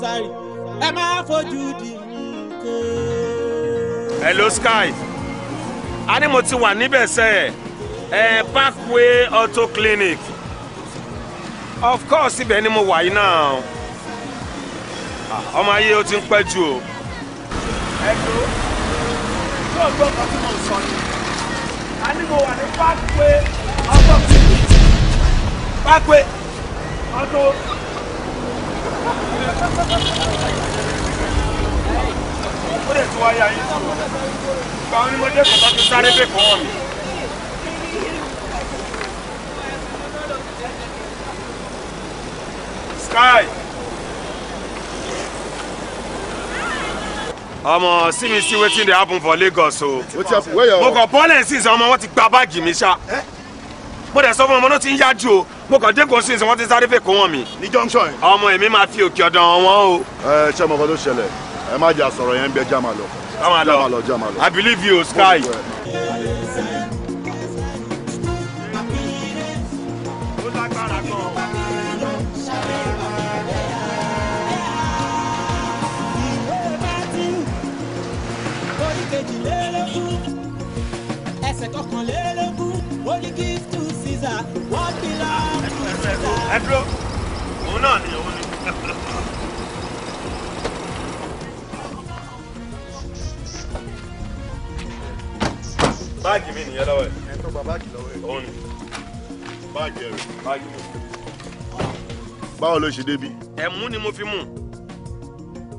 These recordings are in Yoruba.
sáré ẹ máa fojú di nǹkan. hello sky a ní mo ti wà níbẹ̀ sẹ́ ẹ parkway auto clinic of course ibẹ̀ ni mo wà yìí náà ah, ọmọ ayé o ti ń pẹ́ jù o. ẹ dúró yóò gbọ́ nǹkan tí mo sọ ni a ní mo wà ní parkway auto clinic parkway auto. Sky. ọmọ see me see wetin dey happen for Lagos o. Oh. mo kọ paul and sis ọmọ wọn ti gba báàgì mi ṣá. Eh? mo dẹ̀ sọ fún ọmọ náà ti ń yájú o mo kàn dé kòsí ìsìn wọn ti sáré fèkó wọn mi. ní junction yìí. ọmọ èmi máa fi òkè ọ̀dàn wọn o. ẹ ṣé ọmọ kan ló ṣẹlẹ̀ ẹ má jà sọ̀rọ̀ yẹn ń bẹ já lọ. já lọ já lọ já lọ. I believe you Sky. ẹsẹ̀ kọkànlélógún ó ní gift la wọ́n ti la. ẹ dúró òun náà ni òun ni. báàgì mi nìyẹn lọ́wọ́ ẹ̀. ẹ tó gba báàgì lọ́wọ́ ẹ̀. òun ni báàgì ẹ̀rù báàgì mi. báwo ló ṣe débi. ẹ̀mú ni mo fi mú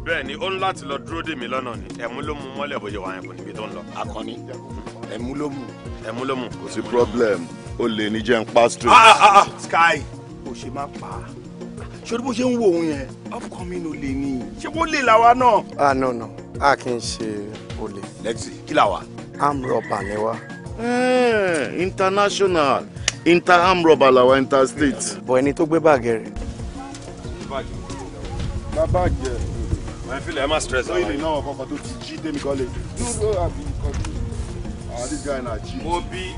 bẹ́ẹ̀ ni ó ń láti lọ dúró dè lọ́nà ni ẹ̀mú ló mú mọ́lẹ̀ bóyá wà yẹn kò níbi tó ń lọ. akọni ẹ̀mú ló mú. ẹ̀mú ló mú. kò sí problem ó lè ní jẹun pa ah ah ah sky o ṣe máa pa ṣorí bó ṣe ń wo òun yẹn upcoming olè ni ṣé bó lè làwa náà. ah no no a kì í ṣe olè. lexi kí làwa. arm rubber ni wa. Eh, international inter arm rubber làwa interstate. bọ̀ ẹni tó gbé báàgì rẹ̀. báàgì rẹ̀ ẹ fi lè ẹ má stress àwọn. lóyún náà kọkọ tó ti jí démi kọ́lé. dúró àbí kọ́lé. àwọn àdìgbà ẹ̀ náà jí. mo bí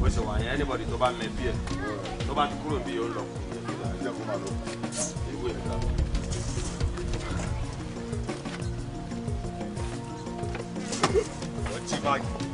bó ṣe wà yẹn anybody tó bá mẹ bí ẹ tó bá kúrò bí ó lọ ewu ẹ̀ ká. ó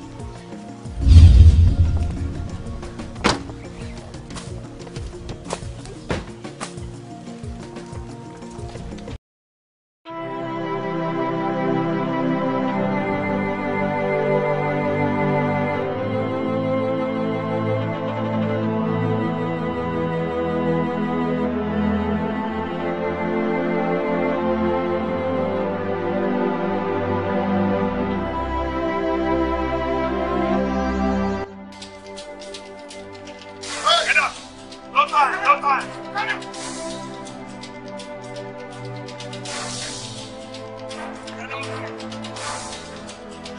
no time.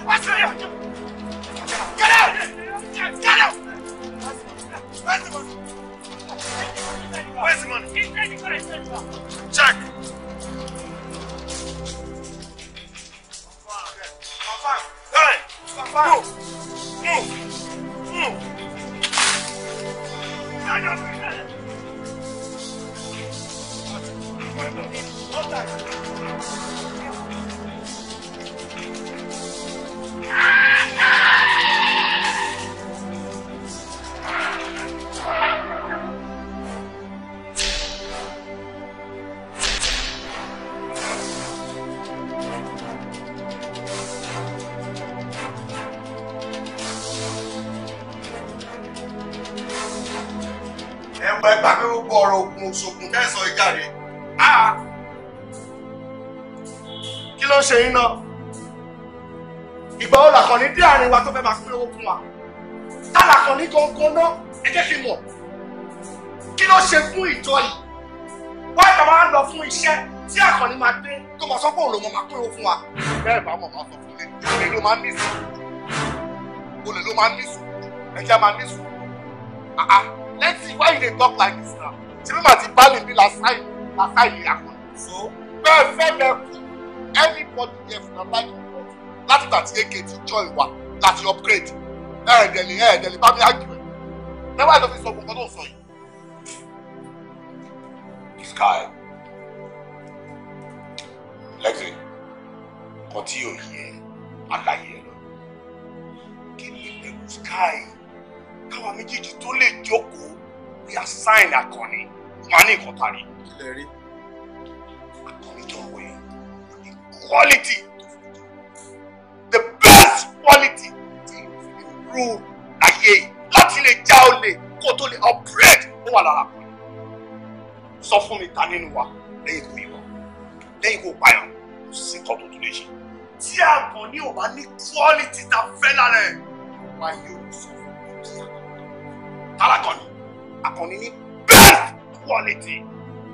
What's there? Get out! Get out! Where's the money? Where's the money? Jack! yín ìgbà wo làkànní dé àárín wa tó fẹ́ máa pín owó fún wa tá làkànní gangan náà ẹ jẹ́ kí mọ̀ kí ló ṣe fún ìjọ yìí wá ìgbà máa ń lọ fún iṣẹ́ tí àkànní máa dé tó máa sọ pé òun ló mọ̀ máa pín owó fún wa bẹ́ẹ̀ bá mọ̀ máa sọ fún mi olè ló máa ń ní sùn olè ló máa ń ní sùn ẹja máa ní sùn ah ah let's see why you dey talk like this now ṣé bí màá ti bá lè bí làṣáì làṣáì yìí àkànní so bẹ́ẹ̀ fẹ́ bẹ́ẹ̀ kú anybody here for na like you want láti gbà tí ak ti join wa láti upgrade ẹ̀ẹ́dẹ̀lì ẹ̀ẹ́dẹ̀lì bá mi argue ẹ̀ never lọ fi sọ gbogbo tó sọ yìí. Sky Lexi kan tí yóò yẹ àlàyé ẹ lọ kí ni pẹ̀lú Sky káwa méjèèjì tó lè jókòó bí a sign akọni wọn á ní nǹkan parí. kí lè rí akọni tó quality the best quality ti ru ayé láti lè já olè kó tó lè upgrade ó wà lára kùn sọ fún mi ta nínú wa lẹ́yìn kò yìnbọn lẹ́yìn kò payàn kò sí nǹkan tó tún lè ṣe tí àgbọn ní ò bá ní quality ta fẹ́ lára ẹ̀ wá yóò sọ fún mi kí alákọ̀ọ́ni akọ̀ọ́ni ní best quality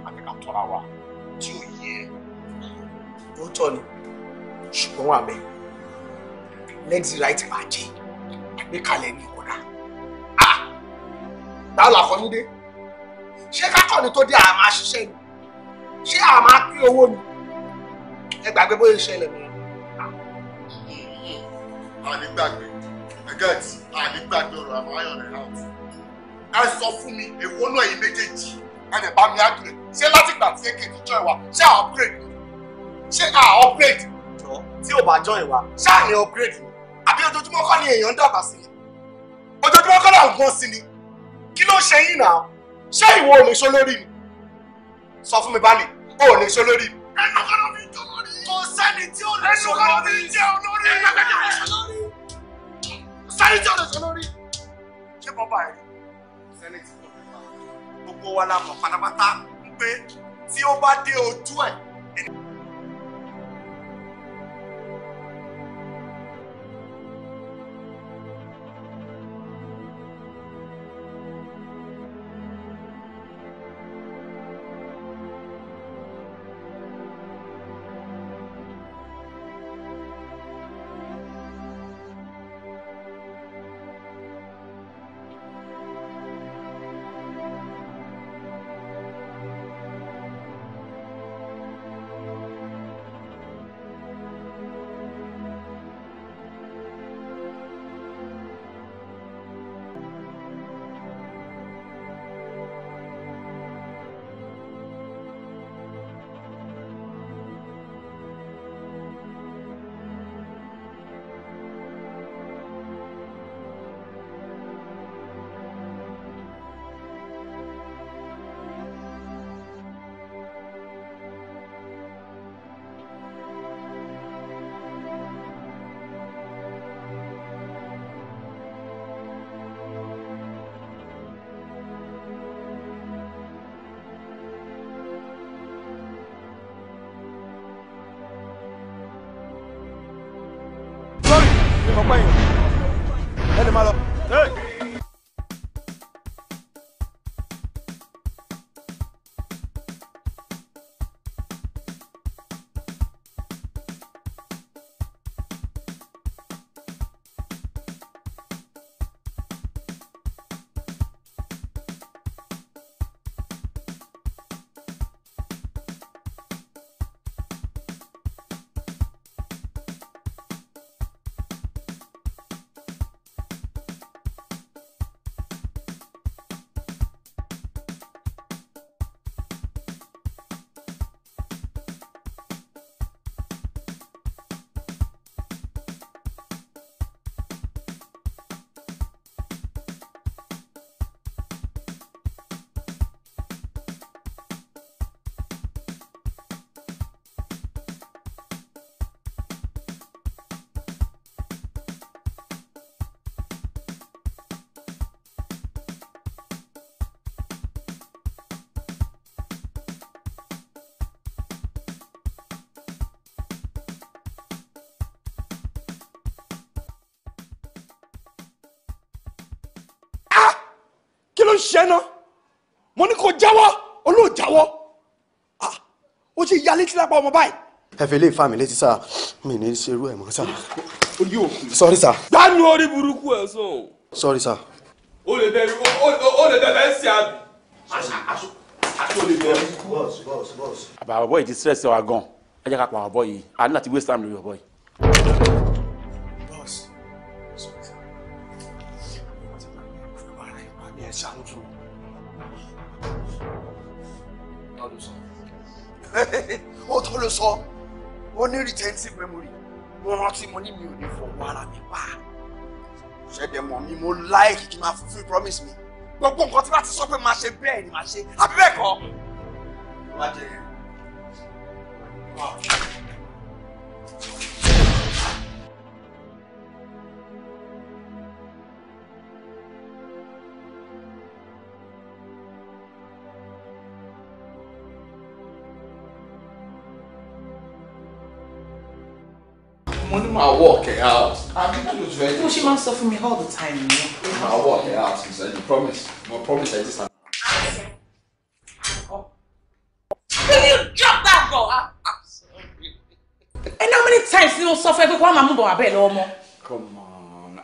àti kàtọ́ra wa tí ò yẹ lóòótọ́ ni ṣùgbọ́n wà bẹ́ẹ̀ lẹ́dí right bàjẹ́ àgbékalẹ̀ ní ìkọ̀dá Ah, làkọ́ni dé ṣé kákọ́ni tó dé àmà ṣiṣẹ́ ni ṣé àmà pín owó ni ẹ gbàgbé bóyá ìṣẹ̀lẹ̀ mi. ànígbàgbé ẹgẹ́tì ànígbàgbé ọ̀rọ̀ àmọ́ ayọ̀ rẹ̀ náà ẹ sọ fún mi èwo náà yìí méjèèjì ẹ lè bá mi á gbé ṣé látìgbà tí èkejì jọ ìwà ṣé àwọn upgrade ṣé à upgrade jọ tí ò bá join wa ṣáà ní upgrade ni àbí ojoojúmọ́ kọ́ ni èèyàn ń dàgbà sí ni ojoojúmọ́ kọ́ náà ń gbọ́n sí ni kí ló ṣe yín náà ṣé ìwọ ò ní ṣó lórí mi sọ fún mi báyìí o ò ní ṣó lórí mi. ẹnu kan ló fi jọ lórí. kò sẹ́ni tí ó lè ṣó lórí. ẹnu kan ló fi jẹ́ olórí. ẹnu kan ló fi ṣó lórí. sẹ́ni tí ó lè ṣó lórí. ṣé mo bá ẹ̀ sẹ́ni tí mo lè bá gbogbo wa la mọ̀ pátápátá ń pé tí ó bá dé ojú ẹ̀ ń ṣe ná mo ní kó jáwọ́ olóòjáwọ́ ó ṣe ya létí lápá ọmọ báyìí. ẹ fi ilé ìfà mi létí sáà mi ní ṣerú ẹ mọ sáà. orí òkú. sọrí sà. gbanu orí burúkú ẹ sùn. sọrí sà. o lè bẹ o lè bẹ bẹ sí àbí. aṣọ aṣọ aṣọ lè bẹ. bọ́ọ̀sì bọ́ọ̀sì bọ́ọ̀sì. àbàwọ̀ bọ́ọ̀ yìí ti stress wa gan-an ẹ jẹ́ ká pa àwọn bọ́ọ̀ yìí a ní waste time lórí ọ̀bọ̀ yìí. 相助。Tọ́ ló sọ. Ó tọ́ ló sọ. Ó ní retentive memory. Mo rántí mo ní mi ò ní fọwọ́ ara mi pa. Ṣẹ̀dẹ̀ mọ̀ mi promise me. Gbogbo nǹkan tí bá ti sọ pé máa ṣe bẹ́ẹ̀ ni máa ṣe. Àbí máa work it out. àbí kí ló ti fẹ́ jẹ́. bó ṣe máa all the time nìyẹn. ó máa work it out ǹsẹ́ you promise mo promise I just. time. Can you drop that girl? I'm sorry. And how many times you mo sọ fún ẹ pé kó wá bed? mú bọ̀ wá bẹ́ẹ̀ lọ́wọ́ mọ́? Come on,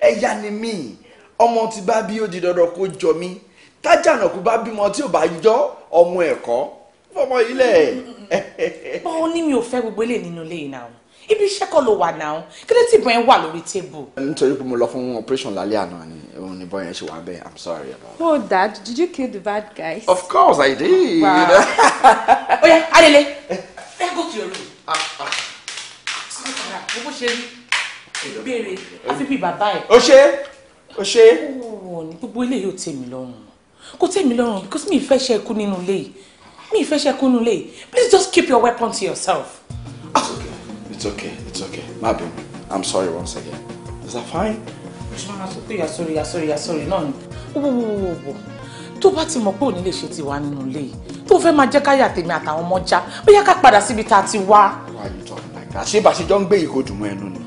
ẹ̀yà ni mí, ọmọ tí bá bí ó di dandan kó jọ mí, tájànàkú bá bímọ tí ò bá jọ ọmọ ẹ̀kọ́ fọmọ ilẹ̀. Bọ́ọ̀ ni mi ò fẹ́ gbogbo eléyìí nínú ilé yìí ibi iṣẹ́ kọ́ ló wà náà kí ló ti bọ̀ wà lórí tébù. nítorí pé mo lọ fún operation lálẹ́ àná ni òun ni bọ́ ṣe wà bẹ́ẹ̀ i'm sorry about that. oh dad did you kill the bad guys. of course i did. wow oya adele eh. ẹ go to your room. mo ah, ah. bó ṣe rí ìbéèrè àfi bíi bàbá ẹ. o ṣe o ṣe. ó ní gbogbo ilé yóò tẹ̀ lọ́rùn kò tẹ̀ lọ́rùn because mi ì fẹ́ ṣe ikú nínú ilé yìí mi ì fẹ́ ṣe ikú nínú ilé yìí please just keep your weapon to yourself. Oh. It's okay, it's okay. Má I'm sorry once again. Is that fine? You're sorry, you're sorry, you're sorry. yà sórí yà sórí náà ni? Wo wo wo wo tó bá ti mọ̀ pé òní lè ṣe ti wá nínú ilé yìí tó fẹ́ máa jẹ́ káyà tèmi àtàwọn ọmọ já bóyá ká padà Why are you talking like that? Ṣé bàṣẹ jọ ń gbé ìkó dùnmọ́ ẹnu ni?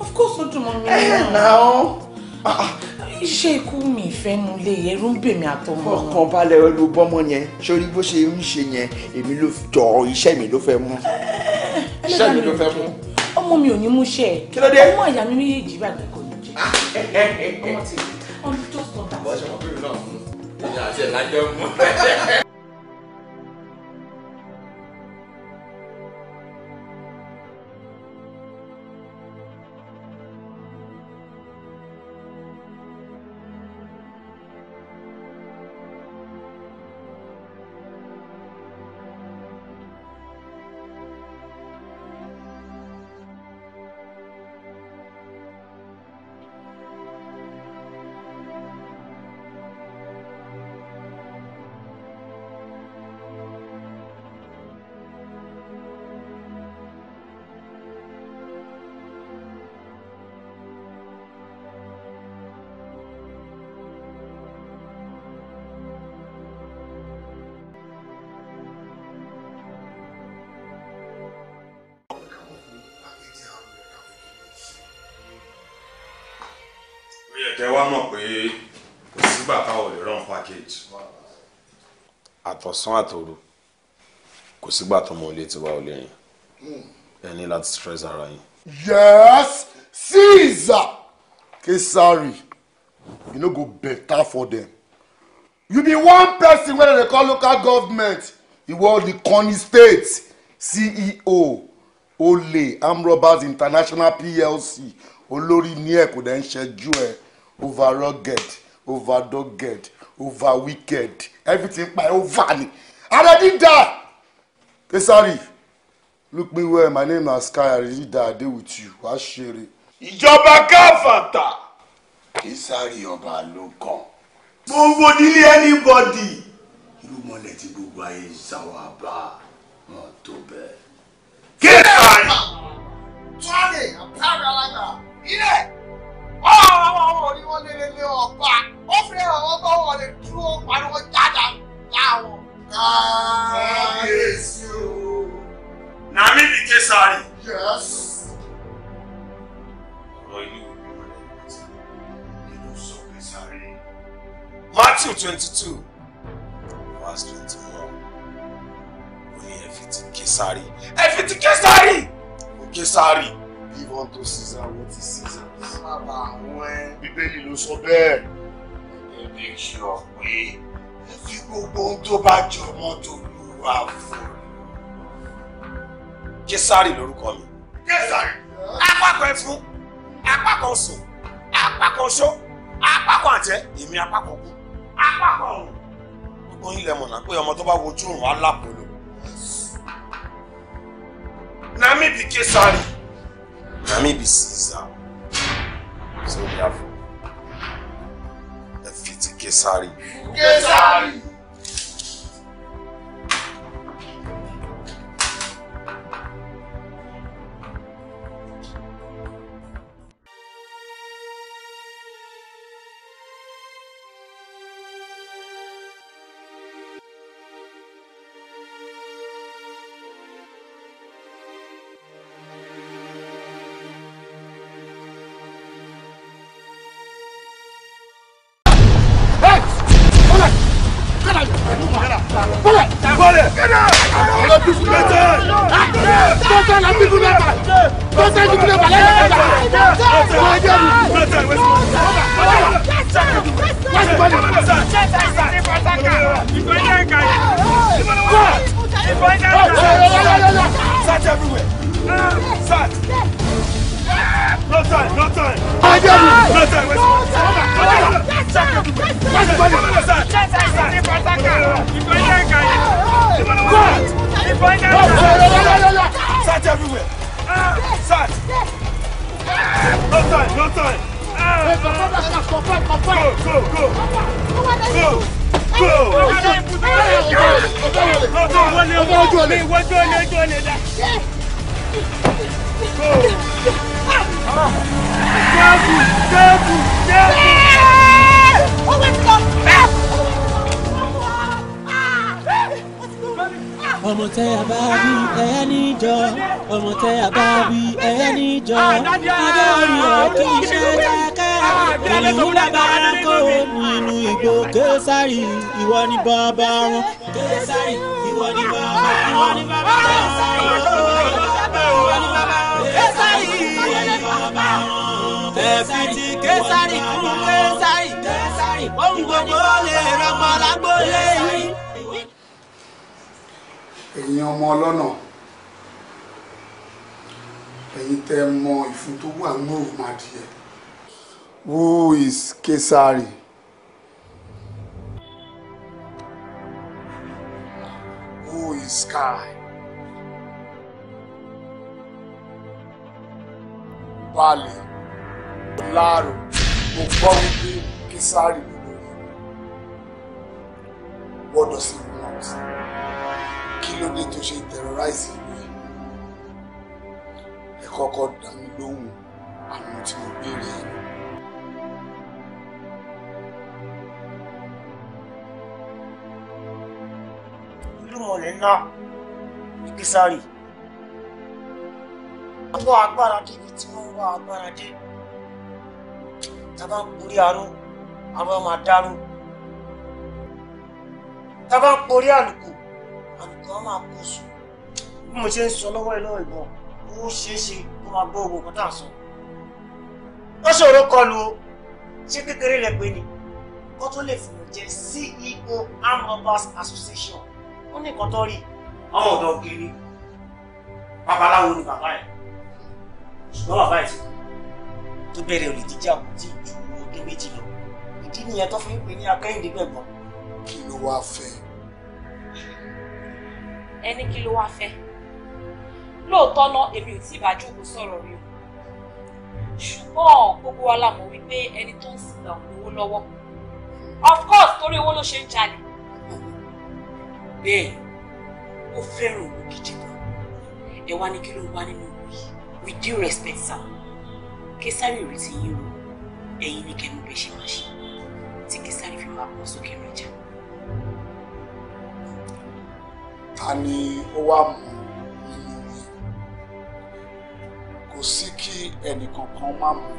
Of course ó dùnmọ́ mi. Ẹ nà ó. Iṣẹ́ ikú mi ìfẹ́ nu ilé yẹn ẹ̀rù ń bèmí àtọmọ. Ọkàn balẹ̀ ẹlú bọ́mọ yẹn sórí bó ṣe ń ṣe yẹn èmi ló jọ iṣẹ́ mi ló fẹ́ iṣẹ́ mi ló fẹ́ mú. ọmọ mi ò ní mú ṣe ẹ kí ló dé ọmọ ìyá mi méjèèjì bàgbẹ́ kò ní jẹ ah, eh, eh, eh, ọmọ tí ọmọ tó sọ. àbọ̀ṣe ọmọ bíbí náà ìyá àti ẹ̀ lájọ́ mú. kẹ́ wá mọ̀ pé kò sígbà táwọn ò lè rán package. àtọ̀sán àtòru kò sígbà tó mọ ilé tiwa ò lè rìn ẹ láti stress ara yín. yes caesar kesari you no go better for them you be one person wey dem dey call local government iwọ the Kogi state ceo ole amrobas international plc Olori ní ẹ kò dẹ̀ ń ṣẹ́jú ẹ̀ over rugged over dogged over wicked everything pa ẹ over ni already die Sorry. look me well my name na sky i already die i dey with you wá ṣeré. ìjọba káfàtà kesari ọba ló kàn gbogbo nílé anybody irú mọ́lẹ̀ tí gbogbo ayé ń sáwà bá wọn tó bẹ́ẹ̀. kesari. tọ́lẹ̀ àpárá alága ilé ọ̀rọ̀ wọn ni wọ́n lé lé ọ̀pá ó fi hàn wọ́n bá wọn lè dúró pariwo jáda láwọn. káyéésì o. nàmí bí késàrì. yẹ́sì. ọ̀rọ̀ inú wo ni Matthew twenty two verse twenty one ó ní ẹ fi ti késàrì ẹ fi ti Caesar wọ́n ti Caesar má bà àwọn ẹ. bíbélì ló sọ bẹ́ẹ̀. ẹbí sọ pé fi gbogbo ohun tó bá jọ mọ́ tó lùwà fún un. jésàrì lórúkọ mi. jésàrì. apákan ẹfun apákan sùn apákan ṣó apákan àjẹ èmi apákan kú apákan ọ̀run. gbogbo ilẹ̀ mọ̀nà pé ọmọ tó bá wojú òun á Nami be Kesari. Nami be Caesar. So we have Fiti Kesari. Kesari! parler On a tous pété la vie vous pas Pensez que vous n'avez pas Sat everywhere. Sat. No time, no time. No time, Sat everywhere. Sat. No time, no time. Go, go, go. Go. Careful, careful, careful! ọmọ tẹ àbábí ẹyẹ níjọ ọmọ tẹ àbábí ẹyẹ níjọ adóòrì ọkì iṣẹ dáká èyí bàbá arákò nínú igbó késàrì ìwọ ni bàbá wọn késàrì ìwọ ni bàbá wọn késàrì ìwọ ni bàbá wọn késàrì ìwọ ni bàbá wọn kẹfìtì késàrì fún késàrì ohun gbogbo lè rọpò lágbólé yín. ẹ̀yin ọmọ ọlọ́nà ẹ̀yin tẹ́ mọ ìfun tó wà ní òun adìyẹ. Who is Kesari? Who is Sky? Bali, Laro, mo gbọ́ wípé Kesari gbọ́dọ̀ sí ìlú náà sí kí ló dé tó ṣe terrorize ìlú yìí ẹ kọ́kọ́ dá mi lóhùn àwọn tí mo béèrè yìí. irú ọ̀rẹ́ ńlá ní Kísárì àwọn agbára débi tí wọ́n wá agbára dé tá a bá ń gorí aró aró máa dáró tá a bá ń porí àlùkò àlùkò á máa kó sùn bí mo ṣe ń sọ lọ́wọ́ ẹ lọ́wọ́ ìbọn ó ṣeé ṣe kó máa gbọ́ ògùn kan tá à ń sọ. ó ṣòro kọlu o ṣé kékeré lẹ pé ni kó tó lè fòrò jẹ CEO armed robbers association ó ní nǹkan tó rí ọmọ ọ̀dọ́ ògiri babaláwo ni bàbá ẹ̀ ṣùgbọ́n bàbá ẹ̀ ti kú tó bẹ̀rẹ̀ olè jíjà kò tí ju ọdún méjì lọ ìdí nìyẹn tó fi ń pè ní akẹ́yìndé kí ló wáá fẹ́ ẹni kí ló wáá fẹ́ lóòótọ́ náà èmi ò tí ì sọ̀rọ̀ rí o ṣùgbọ́n gbogbo wa la mọ̀ wípé ẹni tó ń sìgbà ò lówó lọ́wọ́ of course torí owó ló ṣe ń jalè. bẹ́ẹ̀ ó fẹ́ràn owó gidi gan ẹ wá ní kí ló wá nínú owó yìí with due respect sir késàrì ìrètí yín o ẹ̀yin ní kẹ́mi bẹ́ẹ̀ ṣe máa ṣe tí késàrì fi máa pọ̀ sókè rẹ̀ jà. ta ni ó wà mú kò sí kí ẹnìkankan má mú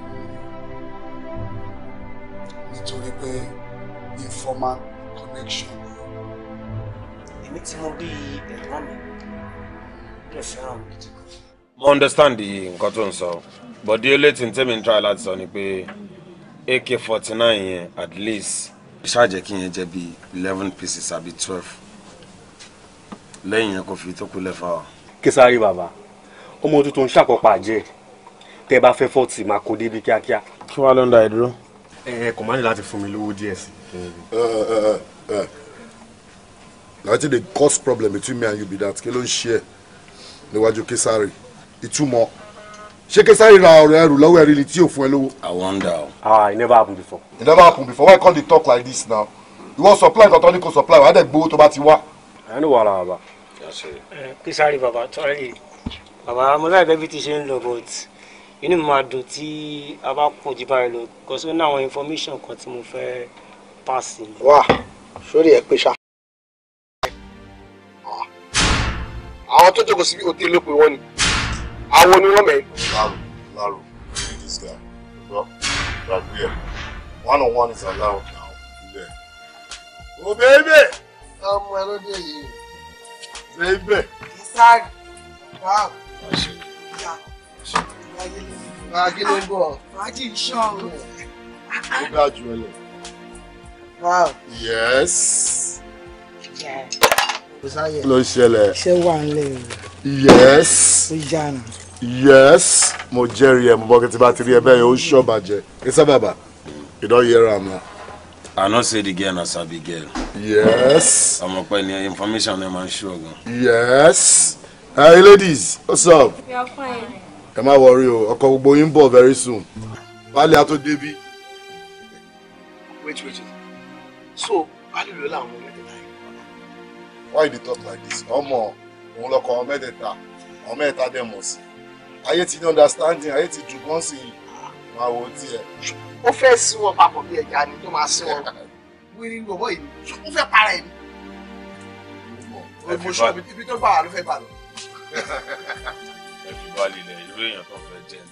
nítorí pé informal connection ni o. èmi tí mo rí ẹ̀gbọ́n mi lè fẹ́ràn mi gidi gan. mo understand nǹkan tó ń sọ but the only thing tẹ́mi ń try láti sọ ni pé ak forty nine yẹn at least ṣáà jẹ́ kí yẹn jẹ́ bíi eleven pieces àbí twelve lẹ́yìn yẹn kò fi tó kulẹ̀ fa wa. Késàrí bàbá ọmọ tuntun ń ṣàkópa jẹ tẹ bá fẹ́ fọ́ọ̀tì máa kó débi kíákíá. kí wàá ló ń da ìdúró. ẹ ẹ kò má ní láti fún mi lówó díẹ̀ sí. na wetin dey cause problem between me and you be that kí ló ń ṣe ẹ níwájú Késàrí ìtumọ̀ ṣé Késàrí ra ọ̀rọ̀ ẹrù lọ́wọ́ ẹ̀rí ni tí yóò fún ẹ lówó. I wonder o. ah it never happen before. it never happen before why you come dey talk like this now you wan supply nǹkan tó ní kó supply wàá dẹ̀ gbowó tó bá ti wá ẹni wàhálà bàbá. Eh, kí sáré bàbá tọ́lẹ̀ bàbá mo láì bẹ́ẹ̀ bí ti ṣe ń lọ but inú mi máa dùn tí a bá pọ̀ jù báyìí lọ because ó ní àwọn information kan tí mo fẹ́ pass. wà sórí ẹ pé ṣá. àwọn tó jókòó síbi òtí ló pè wọ́n ni àwọn oníwọ́mẹ̀. láàrú láàrú this guy bro right here one on one is allowed now. Yeah. Oh, baby! ọmọ ẹ yìí. ṣe é bẹ̀. ìsáàgì ló ń bọ̀. Fàájì ń ọ̀rọ̀. Ó ga jù ẹ lọ. Wow. Yes. Yes. Ló ṣẹlẹ̀. Iṣẹ́ wà nílẹ̀ o. Yes. Ó yára. Yes. Mo jẹ́rìí ẹ̀ mo bọ́ kí tí bá ti rí ẹ bẹ́ẹ̀ yóò ṣọ́ bàjẹ́. Ẹ sábàbà, ìdán yẹra mọ́. I not say the girl na sabi girl. Yes. I'm up in information I'm sure. Yes. Hey ladies, what's up? We are fine. Ẹ má worry o, ọkọ gbogbo yín bọ̀ very soon. Baálé á tó débí. Wait, wait. So, Baálé ló láwọn mẹ́tẹ̀ẹ̀ta yìí. Why you talk like this? Ọmọ òun lọkọ ọmọ mẹ́tẹ̀ẹ̀ta, ọmọ mẹ́tẹ̀ẹ̀ta dẹ̀ mọ̀ sí. Ayé ti ní understanding, ayé ti dùn gan sí i máa wo tiẹ̀. ó fẹ́ sún ọ papọ̀ bí ẹja ni tó máa sún ọ wíri bọ̀bọ̀ yìí ó fẹ́ para ẹ̀ ní. ibi tó bá wà ló fẹ́ bà lọ. ẹ fi lẹ irú èèyàn tó ń fẹ́ ẹ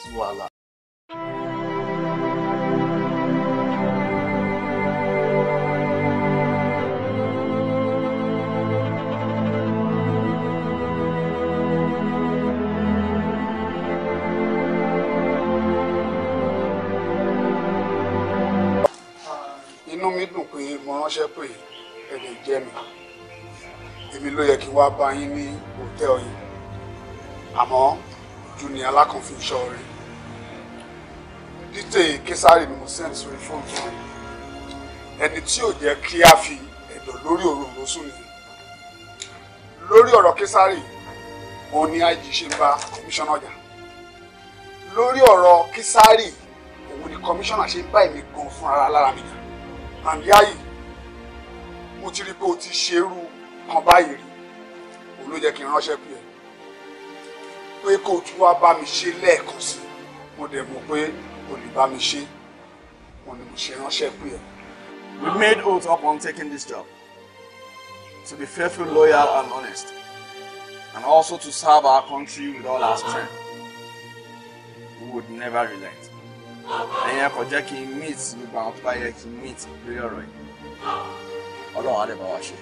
ti wàhálà. ránṣẹ́ pé ẹ lè jẹ́ mi èmi ló yẹ kí wá bá yín ní hòtẹ́ẹ̀lì yìí àmọ́ ojú ni alákànfi iṣọ́ rẹ̀ dítè késàrì ni mo send sórí fóònù tó rẹ̀ ẹni tí ò jẹ́ kí a fi ẹ̀dọ̀ lórí òróró sùn ni lórí ọ̀rọ̀ késàrì mo ní IG ṣe bá kọmíṣánná ọjà lórí ọ̀rọ̀ késàrì òun ni kọmíṣánná ṣe bá èmi gan fún ara lára mi jà àǹdí ayé mo ti rí pé o ti ṣerú kan báyìí rí òun ló jẹ́ kí n ránṣẹ́ pè ẹ́ pé kó o tún wá bá mi ṣe lẹ́ẹ̀kan sí mo dẹ̀ mọ̀ pé o lè bá mi ṣe mo ní mo ṣe ránṣẹ́ pè ẹ́. We made oath upon taking this job to be faithful, loyal, and honest, and also to serve our country with all our strength. We would never relent. Ẹ̀yin ẹ̀kọ́ jẹ́ kí n meet gbogbo àwọn tó bá yẹ kí n meet lórí ọ̀rọ̀ yìí ọlọ́run á lè bá wa ṣe.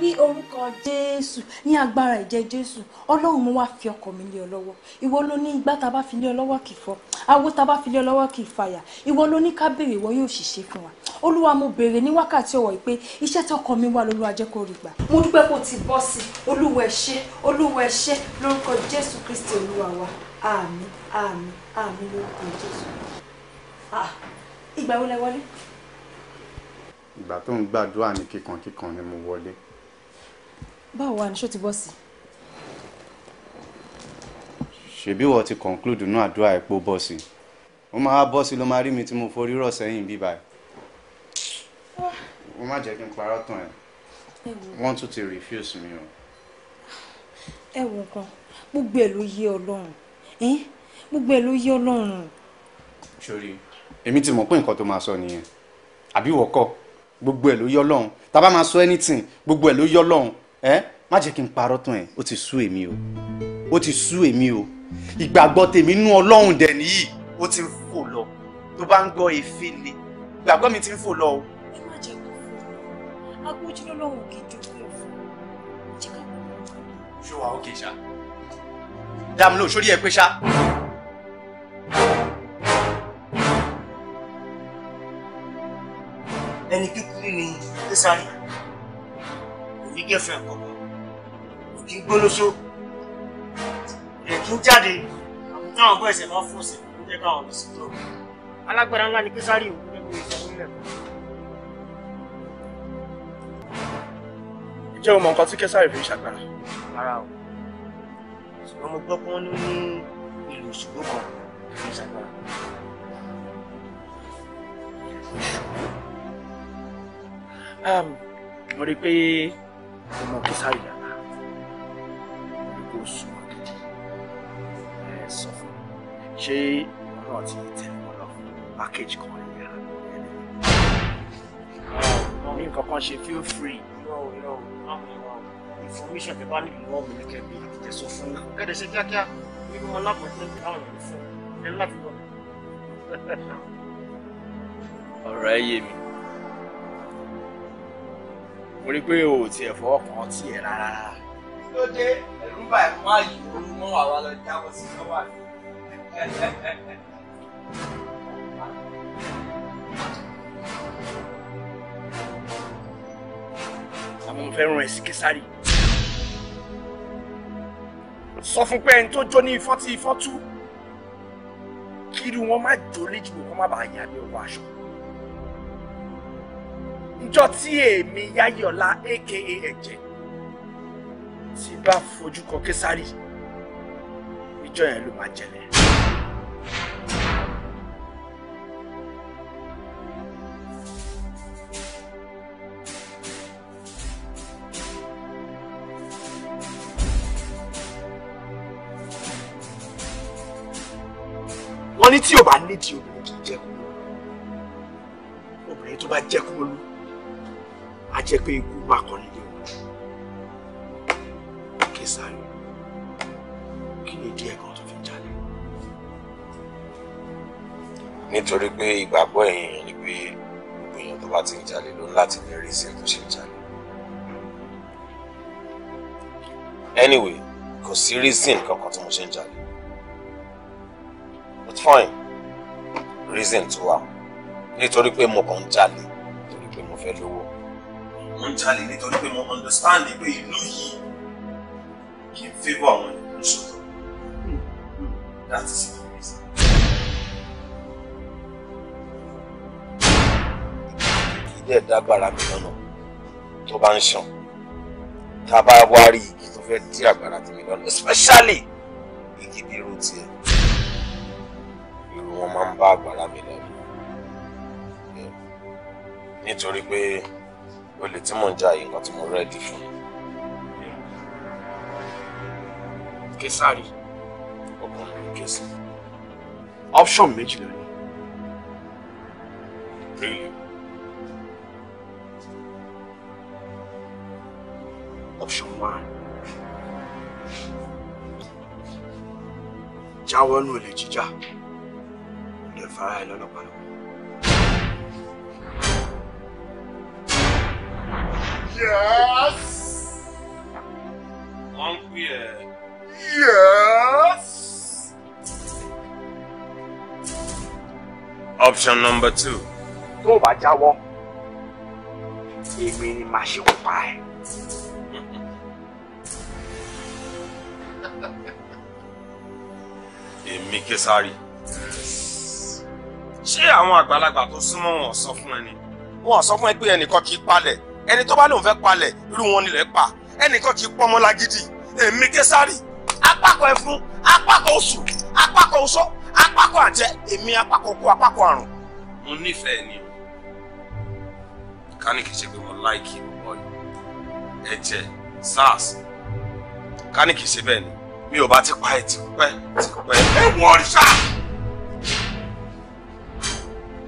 ní orúkọ jésù ní agbára ìjẹ jésù ọlọ́run mo wá fi ọkọ̀ mi lé ọ lọ́wọ́ ìwọ ló ní igbá tá a bá fi lé ọ lọ́wọ́ kì í fọ́ awó tá a bá fi lé ọ lọ́wọ́ kì í fàyà ìwọ ló ní ká béèrè ìwọ yóò sì ṣe fún wa olúwa mo béèrè ní wákàtí ọwọ́ yìí pé iṣẹ́ tọkọ mi wà lolúwa jẹ́ kó rí gbà mo dúpẹ́ kó ti bọ́ sí olúwa ẹ ṣé olúwa ẹ ṣé lórúkọ jésù kristi olúwa wa àmín àmín àmín lórúkọ jésù. Ah, ìgbà wo lẹ wọlé. ìgbà tó ń gbàdúrà ní kíkankíkan ni mo wọlé. báwo wà ní ṣó ti bọ́ sí. ṣebí wọ́n ti conclude nú àdúrà ẹ̀ pé ó bọ́ sí i ó máa bọ́ sí ló máa rí mi tí mo forí rọ̀ sẹ́yìn bí báyìí ó má jẹ́ kí n parọ́ tán ẹ̀ wọ́n tún ti refuse mi o. ẹ wo nǹkan gbogbo ẹ ló yé Ọlọ́run gbogbo ẹ ló yé Ọlọ́run. sori èmi ti mọ̀ pé nǹkan tó máa sọ nìyẹn àbí wọ́n kọ́ gbogbo ẹ̀ ló yọ lọ́hùn tàbá máa sọ anything gbogbo ẹ̀ ló yọ lọ́hùn ẹ má jẹ́ kí n parọ́ tán ẹ̀ ó ti sú èmi o ó ti sú èmi o ìgbàgbọ́ tèmi nú ọlọ́run dẹ̀ nìyí ó ti ń fò lọ tó bá ń gbọ́ efi le ìgbàgbọ́ mi ti ń fò lọ o. ẹ má jẹ́ kó fò lọ agbójúlọ́ lọ́hùn kì í dúró fún un jẹ́ ká gbọ́. ṣé wàá ó kè ṣá dáàmú lóò sórí ẹ pé ṣá. ẹni kíkúrú ni tó sáré kò ní gẹ́fẹ̀ẹ́ kankan kò kí ń gbólóṣó ẹ̀kí ń jáde àbí táwọn ọgbọ́n ẹ̀sẹ̀ máa fún ọ̀sẹ̀ ló jẹ́ káwọn lọ sí tó alágbára ńlá ni késárì òun lẹ́gbẹ̀ẹ́ ìfọwọ́lẹ̀ jẹ́ o mọ nǹkan tí késárì fi ń ṣàgbára. rárá o ṣùgbọ́n mo gbọ́ pé wọ́n ní ìlú òṣùgbó kan fi ń ṣàgbára. Um, mo rí i pé ọmọ kìsàrì dàda kò sùn gidi ẹ sọ fún mi ṣé ọ̀nà ti tẹ̀lé wọn lọ package kan ní yàrá ẹni. Um, mo ní nǹkan kan ṣe feel free. information tẹ bá nílùú wọn mi ní kẹbi àtẹsọ fún mi kẹdẹ ṣe kíákíá nínú wọn lápẹtẹ àwọn ènìyàn fún ẹ láti lọ. ọ̀rọ̀ ẹ yé mi mo rí i pé o ò tiẹ̀ fọwọ́ kan ọtí ẹ̀ rárá. kí ló dé ẹ̀rú báyìí wọ́n á yí ooru mọ́ àwa lọ jábọ̀ sí lọ́wọ́ àná. àmọ́ mo fẹ́ rán ẹ sí késàrì sọ fún pé ẹni tó jó ní ifọ́ tí ifọ́ tú kiri wọn má jó léjìgbò kó má bàa yàgbé owó aṣọ njọ́ tí èmi Yáyọ̀lá aka ẹ̀jẹ̀ tí bá fojú kan Késárì ìjọ yẹn ló máa jẹlẹ̀. wọ́n ní tí o bá nídìí obìnrin kì í jẹ́ kúmọ́lú obìnrin tó bá jẹ́ kúmọ́lú jẹ́ pé ikú bá kọ́ nílé o kí sáré kí ni díẹ̀ kan tó fi jalè. nítorí pé ìgbàgbọ́ èèyàn ni pé gbogbo èèyàn tó bá ti ń jalè ló ń láti lè rí sí tó ṣe ń jalè. anyway kò sí reason kankan tí mo ṣe ń jalè but fine reason tó wà nítorí pé mo kàn ń jalè nítorí pé mo fẹ́ lówó mo ń jalè nítorí pé mo understand pé ìlú yìí kì í favour àwọn ìlú ṣòro that is it. díẹ̀ dágbára mi lọ́nà tó bá ń ṣàn tá a bá wá rí igi tó fẹ́ dí àgbàrá tèmi lọ́nà especially igi bí irú tiẹ̀ irú wọn máa ń bá àgbàrá mi lọ́nà nítorí pé olè tí mò ń jà yìí nǹkan tí mo rẹ́dì fún. késàrì ọkùnrin késì. option méjì ló ní. really. option one. jáwọ́ nù olè jíjà lè fara ẹ lọ́lọ́pàá lọ́wọ́. Yes. Uncle. Yes. Option number two. Tó bá jáwọ́, èmi ni màá ṣekú pa ẹ́. Èmi Késárì. Ṣé àwọn àgbàlagbà tó súnmọ́ wọn sọ fún ẹni? Wọ́n sọ fún ẹ pé ẹnìkan kì í palẹ̀ ẹni tó bá lóun fẹ́ palẹ̀ irú wọn nílẹ̀ pa ẹnìkan kì í pọ́ ọmọ gidi. èmi késàrì apákọ̀ ẹfun apákọ̀ oṣù apákọ̀ oṣọ apákọ̀ àjẹ́ èmi apákọ̀ kú apákọ̀ àrùn. mo nífẹ̀ẹ́ ni o ká ní kì í ṣe pé mo láìkì ìbúbọ̀ yìí ẹ̀jẹ̀ sars ká ní ṣe bẹ́ẹ̀ ni mi ò bá ti pa ẹ̀ ti pẹ́ ti pẹ́ ẹ̀wọ̀n ọ̀ṣà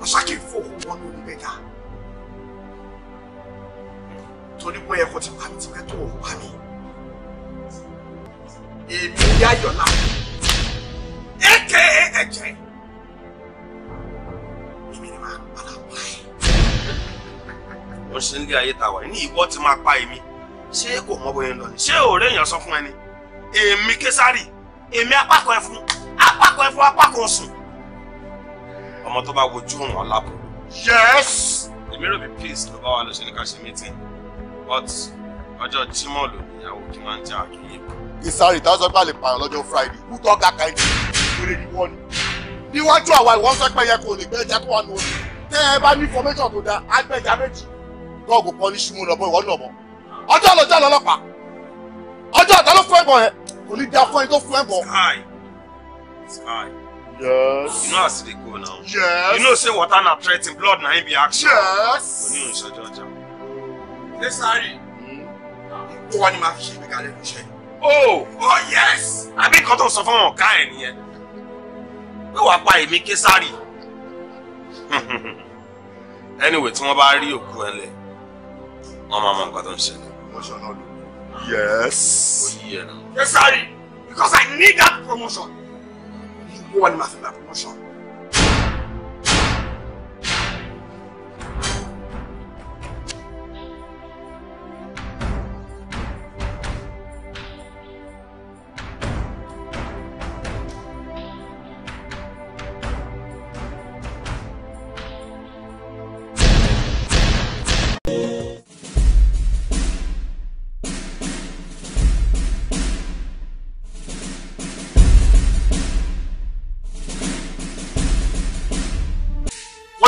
ọ̀ṣà kì í torí pé ẹ̀kọ́ ti pa ti pẹ́ tó o pa mí èmi yáyọ̀lá aka ẹ̀jẹ̀ èmi ni màá padà pa ẹ̀. mo ṣe ń lé ayé ta wà ní ìwọ tí máa pa èmi ṣé kò mọ bóyá ń lọ ni ṣé òòrè èèyàn sọ fún ẹni èmi késàrì èmi apákan ẹfun apákan ẹfun apákan sùn ọmọ tó bá wojú ọ̀ràn ọ̀làbù. yes. èmi rò bí peace ló bá wà lọ ṣe ní ká ṣe meeting but ọjọ́ Jímọ̀ ló ní ìyàwó kí wọ́n ń jẹ́ àkínyẹ̀wò. ìsáré tá lè pààyàn lọ́jọ́ Friday who talk that kind of wey you wan. níwájú àwa ìwọ́n sọ pé ẹ̀yẹ kò lè gbẹ́jà tó wà ní orí tẹ́ ẹ bá ní information tó dáa á gbẹ́jà méjì dọ́ọ̀gù pọ́n ní ṣùgbọ́n lọ́bọ̀ ìwọ́n náà mọ́ ọjọ́ ọlọ́jọ́ ọlọ́pàá ọjọ́ ọ̀tá ló fún ẹ̀gbọ́n yẹn kò ní dá fún ẹni Yes. Yes. Yes lẹ́sàárì kó wá ní máa fi ṣe ìgbéga lẹ́nu iṣẹ́. oh oh yes àbí nǹkan tó sọ fún ọ̀gá ẹ̀ nìyẹn pé wàá pa èmi késàrì anyway tí wọ́n bá rí òkú ẹ lẹ̀ wọ́n máa mọ nǹkan tó ń ṣẹlẹ̀. promotion náà ló yes. ó yí because I need that promotion. kó wá ní máa fi gba promotion.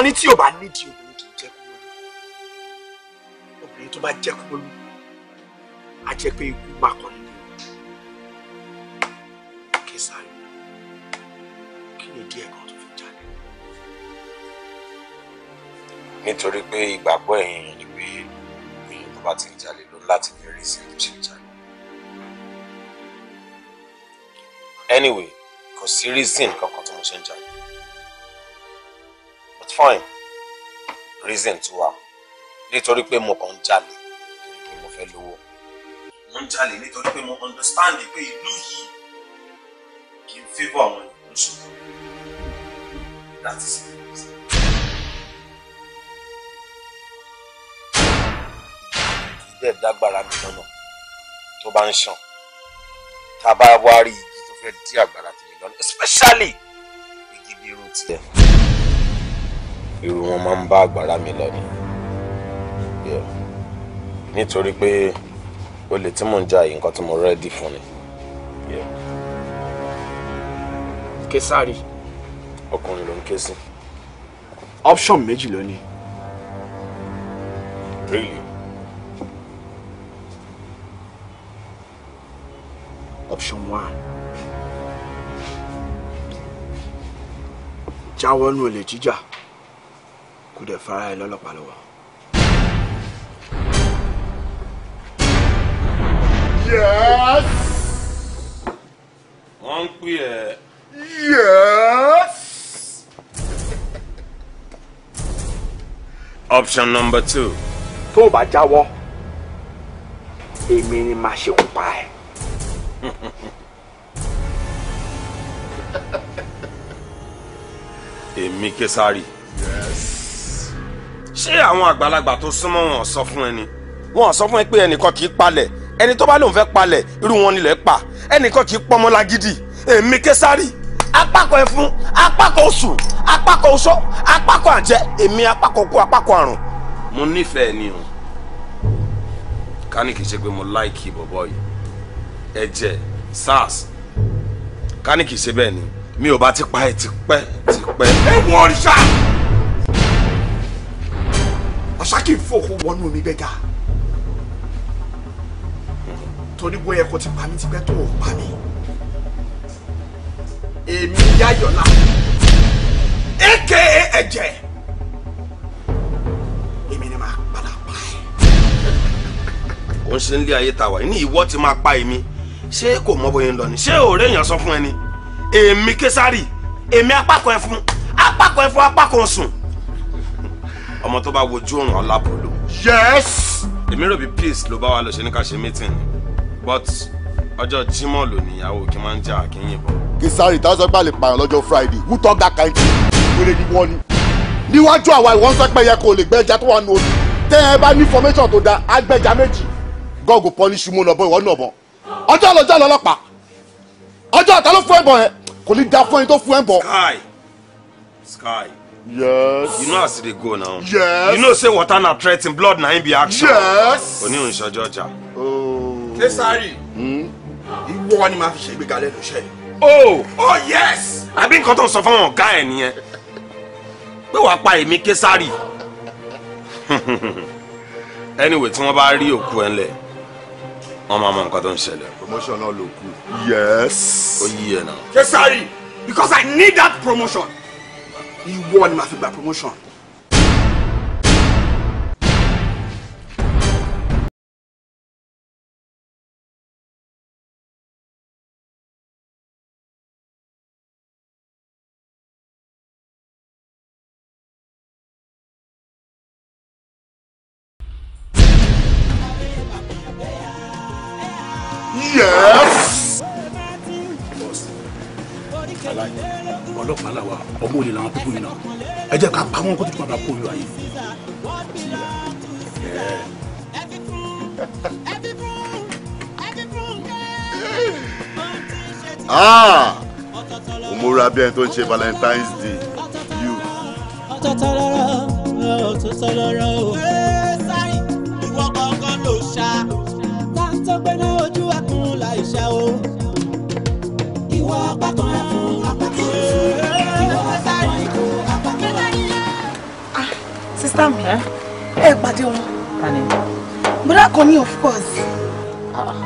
ní tí o bá nídìí obìnrin kì í jẹ́ kúmọ́lú obìnrin tó bá jẹ́ kúmọ́lú á jẹ́ pé ikú má kọ́ nílé o kí sáré kí ni díẹ̀ kan tó fi jáde. nítorí pé ìgbàgbọ́ ẹ̀yìn èèyàn ni pé èèyàn tó bá ti ń jalè ló láti fi rí sí ẹni tó ṣe jalè. anyway kò sí reason kankan tó mo ṣe ń jalè fine reason tó wà nítorí pé mo kàn ń jalè nítorí pé mo fẹ́ lówó. mo ń jalè nítorí pé mo understand pé ìlú yìí kì í favour àwọn èèyàn ṣòfò that is it. bẹ́ẹ̀ dágbára mi lọ́nà tó bá ń ṣàn tá a bá wá rí igi tó fẹ́ dí àgbàrá tèmi lọ́nà especially igi bí irú tiẹ̀ irú wọn máa ń bá àgbàrá mi lọ ni nítorí pé olè tí mò ń jà yìí nǹkan tí mo rẹ́dì fún ni. Késàrì. ọkùnrin ló ń ké sí. option méjì ló ní. really. option one. jáwọ́ nù olè jíjà kó dẹ̀ fara ẹ lọ́lọ́pàá lọ́wọ́. Yes. wọ́n ń Yes. option number two. tó o bá jáwọ́ èmi ni màá ṣekú pa ẹ́. èmi Késárì ṣé àwọn àgbàlagbà tó súnmọ́ wọn sọ fún ẹni wọn sọ fún ẹ pé ẹnìkan kì í palẹ̀ ẹni tó bá lòun fẹ́ palẹ̀ irú wọn nílẹ̀ pa ẹnìkan kì í pọmọ lágídí èmi késárì apákọ̀ ẹfun apákọ̀ oṣù apákọ̀ oṣó apákọ̀ àjẹ́ èmi apákọ̀ kú apákọ̀ àrùn. mo nífẹ̀ẹ́ ni o ká ní kì í ṣe pé mo láìkì bọ̀bọ̀ yìí ẹ̀jẹ̀ sars ká ní kì í ṣe bẹ́ẹ̀ ni mi ò bá ti pa ẹ̀ tipẹ́ tipẹ́. ewu òrìṣà àṣàkì fòkó wọnú omi bẹ́gà torí bóyá ẹ̀kọ́ ti pa mí ti pẹ́ tó pa mí èmi yáyọ̀lá aka ẹ̀jẹ̀ èmi ni màá padà pa ẹ́. E. kò ń ṣe nílé ayé tàwa ní ìwọ ti máa pa èmi ṣé kò mọ bóyá ń lọ ni ṣé ọ̀rẹ́ èèyàn sọ fún ẹ èmi késàrì èmi apákan ẹ fún apákan ẹ fún apákan sùn ọmọ tó bá wojú òrùn ọlábòlò. yes. èmi rò bí peace ló bá wa lọ ṣe ní ká ṣe meeting but ọjọ́ Jímọ̀ ló ní ìyàwó kí n máa ń jà kí n yìnbọn. Kesari táwọn sọ pé àlè pààyàn lọ́jọ́ Friday who talk that kind thing wéré ni wọ́n ní. níwájú àwa ìwọ́n sọ pé yẹ kó lè gbẹ́jà tó wà nù omi tẹ́ ẹ bá ní information tó da agbẹ́jà méjì gọ́ọ̀gù pọ́líṣì mú nọ̀bọ ìwọ́n nọ̀bọ. ọjọ́ lọ́jọ́ lọ́lọ́pàá ọjọ́ àtàlọ́ fún ẹ̀bọ̀n yẹn kò ní da fún ẹni tó fún ẹ̀bọ̀n. Sky Sky yes you know as e dey go now yes you know say water na threat blood na im be action yes Oh, òǹṣọjọ ọjà. Kesari hmm? ìwọ ni màá fi ṣe ìgbékalẹ̀ lóṣẹ́ oh oh yes àbí nǹkan tó ń sọ fáwọn ọ̀gá ẹ̀ nìyẹn pé wàá pa èmi Kesari anyway tí wọ́n bá rí òkú ẹ̀ ńlẹ̀ wọ́n máa mọ nǹkan tó ń ṣẹlẹ̀. promotion náà ló kù. yes. ó yí ẹ̀ náà. Kesari because I need that promotion. Il y a de ma fille de promotion. tó ń ṣe valentine's day you. ọ̀tọ̀tọ̀lọ́rọ̀ ọ̀tọ̀tọ̀lọ́rọ̀ ìwọ kankan ló ṣá. ká tó gbé ní ojú ẹkùn láì o. ìwọ ọ̀pá kan ẹkùn apá ìwọ ọ̀pá kan ikú ah sísá mi eh? ẹ pàdé wọn. tani. bọ́dá kan ní of course. ah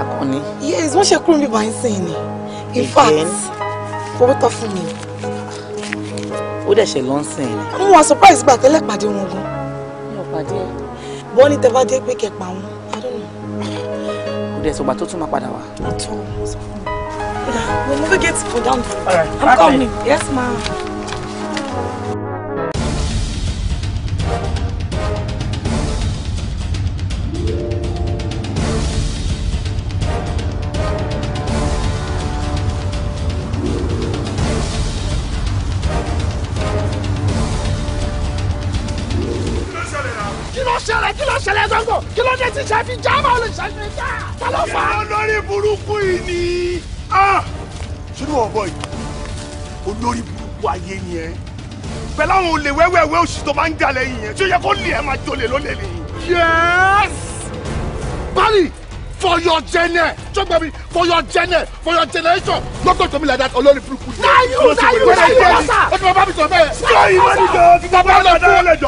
akọni. Ah. yes wọ́n ṣe kúrò níbi báyìí sẹ́yìn ni in fact fowó tán fún mi. ó dẹ̀ ṣe lọ́nsìn ni. àwọn wa surprise gbà tẹ́lẹ̀ pàdé wọn gan. mi ò pàdé ẹ. bọ́ọ̀nì tẹ bá dé pé kẹ pa wọn ó dẹ̀ sọ̀gbà tó tún máa padà wá. ọ̀tọ̀ mo sọ fún mi. mo fẹ́ get to go down. all right i'm coming. yes ma'am. fi já bá olè já. ta ló fà olórí burúkú yìí ni sínú ah! ọ̀bọ yìí olórí burúkú ayé ni ẹ pẹ̀lú àwọn olè wẹ́wẹ́wẹ́ oṣù tó máa ń jalè yìí yẹn tí ó yẹ kó lè ẹ máa jolè lólè lè. yes bali for your gene jọgbọ mi for your gene for your generation lọgbọ tó mi like that olórí burúkú. na you na you na you ọsà. o ti ma bá mi sọ bẹ́ẹ̀. ṣé ìwé ni jọ ti ta bá mi lọ fún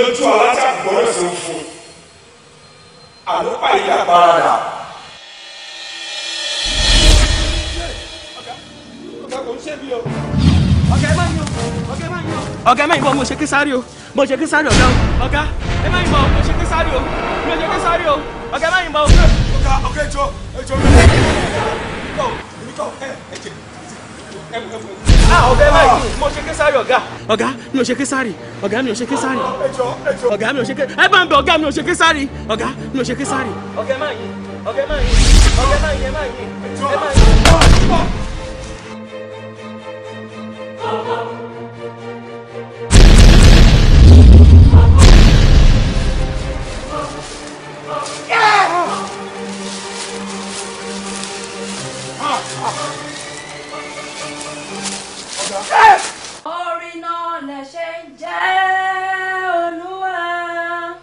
lójú aláta gbọ́dọ̀ sí òfin àlùpà ìyá parada. ọ̀gá ẹ má yọ ọ̀gá ẹ má yọ ọ̀gá ẹ má yọ mo ṣe kí sáré o mo ṣe kí sáré ọ̀gá o ọ̀gá ẹ má yọ mo ṣe kí o mo ṣe kí o ọ̀gá ẹ má yọ mo. ọ̀gá ọ̀gá ẹjọ́ ẹjọ́ mi kò mi Ah, ọ̀gá ẹ báyìí mo ṣe késàrì ọ̀gá. ọ̀gá mi ò ṣe késàrì ọ̀gá mi ò ṣe késàrì. ọ̀gá mi ò ṣe késàrì ẹ bá ń bẹ ọ̀gá mi ò ṣe késàrì ọ̀gá mi ò ṣe késàrì. ọ̀gá ẹ máa yí ọ̀gá ẹ máa yí ọ̀gá ẹ máa yí ẹ máa yí ẹ máa yí. Ah! ah, ah. ṣe ń jẹ́ olúwa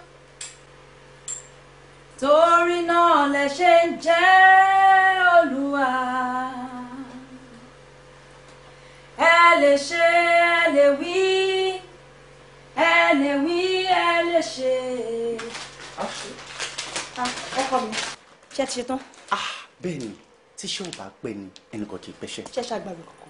torí náà lẹ ṣe ń jẹ́ olúwa ẹ lè ṣe ẹ lè wí ẹ lè wí ẹ lè ṣe. ọkọ mi ṣe ti ṣe tán. Ah, bẹ́ẹ̀ ni tíṣẹ́ ò bá pẹ́ ni ẹnì kan kì í pẹ́ṣẹ́. ṣẹ́ṣẹ́ àgbàgbọ́ kọ̀ọ̀kan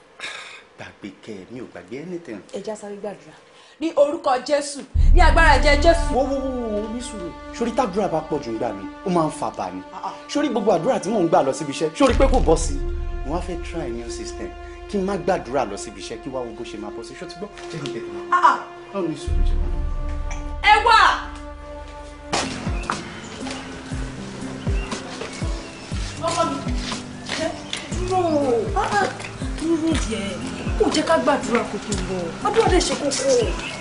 gbàgbé kẹ mi ò gbàgbé anything. ẹja sáré gbàdúrà ní orúkọ jésù ní agbára jẹ jésù. wo wo wo wo ní sùúrù sórí tàdúrà bá pọ̀ jù ń gbà mí ó máa ń fa bà ní sórí gbogbo àdúrà tí mò ń gbà lọ síbi iṣẹ́ sórí pé kò bọ́ sí i wọ́n á fẹ́ try new system kí n má gbàdúrà lọ síbi iṣẹ́ kí wá wo bó ṣe máa bọ́ sí i ṣó ti gbọ́ jẹ́ kí n tètè ah, ah. máa bọ́ sùúrù jẹ́ ẹ wà. ọkọ mi dúró ah, dúró díẹ̀ kò jẹ́ ká gbàdúrà kò tó lọ àdúrà dẹ̀ ṣe kókó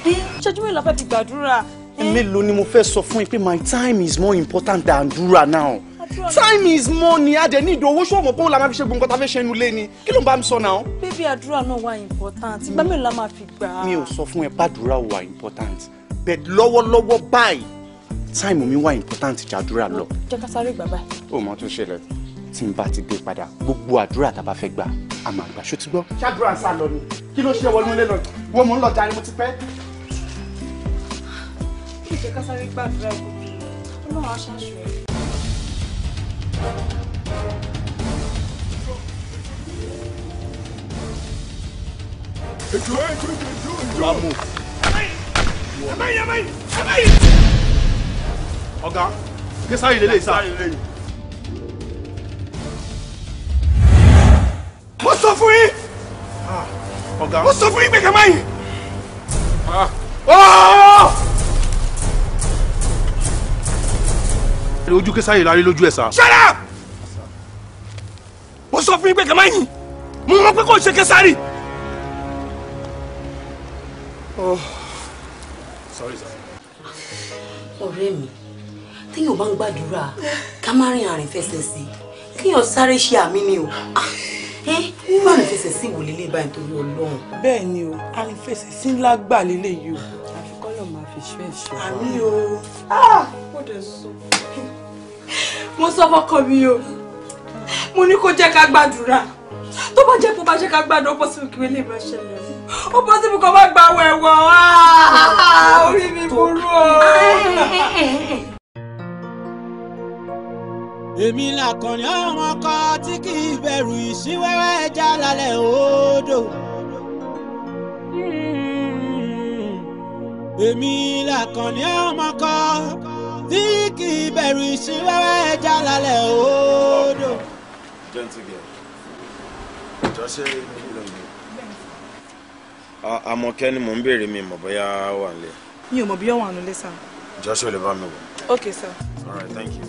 ẹ ṣẹ́jú mélòó la fẹ́ fi gbàdúrà. mélòó ni mo fẹ́ sọ fún yín pé my time is more important than àdúrà now time is money adẹ ní ìdòwò ṣọmọ pé ó la máa fi ṣe gbọǹkan tá a fẹ́ ṣe inú ilé ni kí ló ń bá mi sọ náà. bébí àdúrà náà wà important ìgbà mélòó la máa fi gbà. mi ò sọ fún ẹ pàdúrà wà important but lọ́wọ́lọ́wọ́ báyìí time mi wà important jàdúrà lọ. jẹ́ ká sáré gbà báyìí. ó mọ tó ṣẹlẹ̀ tí n bá ti dé padà gbogbo àdúrà tá a bá fẹ́ gbà àmàgbà ṣó ti gbọ́. ṣáàdúrà ń sá lọ ni kí ló ṣe wọnú ilé lọ wọ́n mò ń lọ darí mo ti pẹ́. kí ìjẹ́ ká sáré gbàdúrà gbòógì ọlọ́run aṣáájú ẹ̀. ètò ètò ètò ètò ètò. ẹ̀mẹ́yìn ẹ̀mẹ́yìn ẹ̀mẹ́yìn. ọ̀gá kí sáré lélẹ́yìn sá. mo sọ fún yín ah, mo sọ fún yín pé kẹ́má yìí. Ah. Oh! ojú kí sáyé lárí lójú ẹ̀ sá. ṣẹ́ra mo sọ fún yín pé kẹ́má yìí mo mọ̀ pé kò ṣe kẹsàrì. Oh. ọ̀rẹ́ mi téèyàn bá ń gbàdúrà ká má rìn àrìn fẹsẹ̀ sí i kéèyàn sáré ṣe àmì ni o bá a lè fẹsẹ̀ sí ìwò lílé báyìí torí ọlọ́run. bẹ́ẹ̀ ni o a lè fẹsẹ̀ sí ńlá gbà lílé yìí o. àfikọ́lọ̀ máa fi ṣe ẹ̀ṣọ́. àmì o ah! mo dẹ̀ sọ mo sọ fọkàn mi o mo ní kó jẹ́ ká gbàdúrà tó bá jẹ́ kó bá jẹ́ ká gbàdúrà ó bọ́ sí kí ilé ìmọ̀ ṣẹlẹ̀ ó bọ́ sí kó bá gbà wẹ̀wọ̀ ah! orí mi burú o. Ah! èmi làkànní àwọn kan tí kì í bẹ̀rù ìṣíwẹ́wẹ́ ẹja lálẹ́ odò. èmi làkànní àwọn kan tí kì í bẹ̀rù ìṣíwẹ́wẹ́ ẹja lálẹ́ odò. àmọ̀kẹ́ ni mò ń béèrè mi mọ̀ bóyá wà nílé. mi ò mọ̀ bí ọ̀wọ̀n ànulẹ̀ sá. joshua lè bá mi wọ̀. okay sir. all right thank you.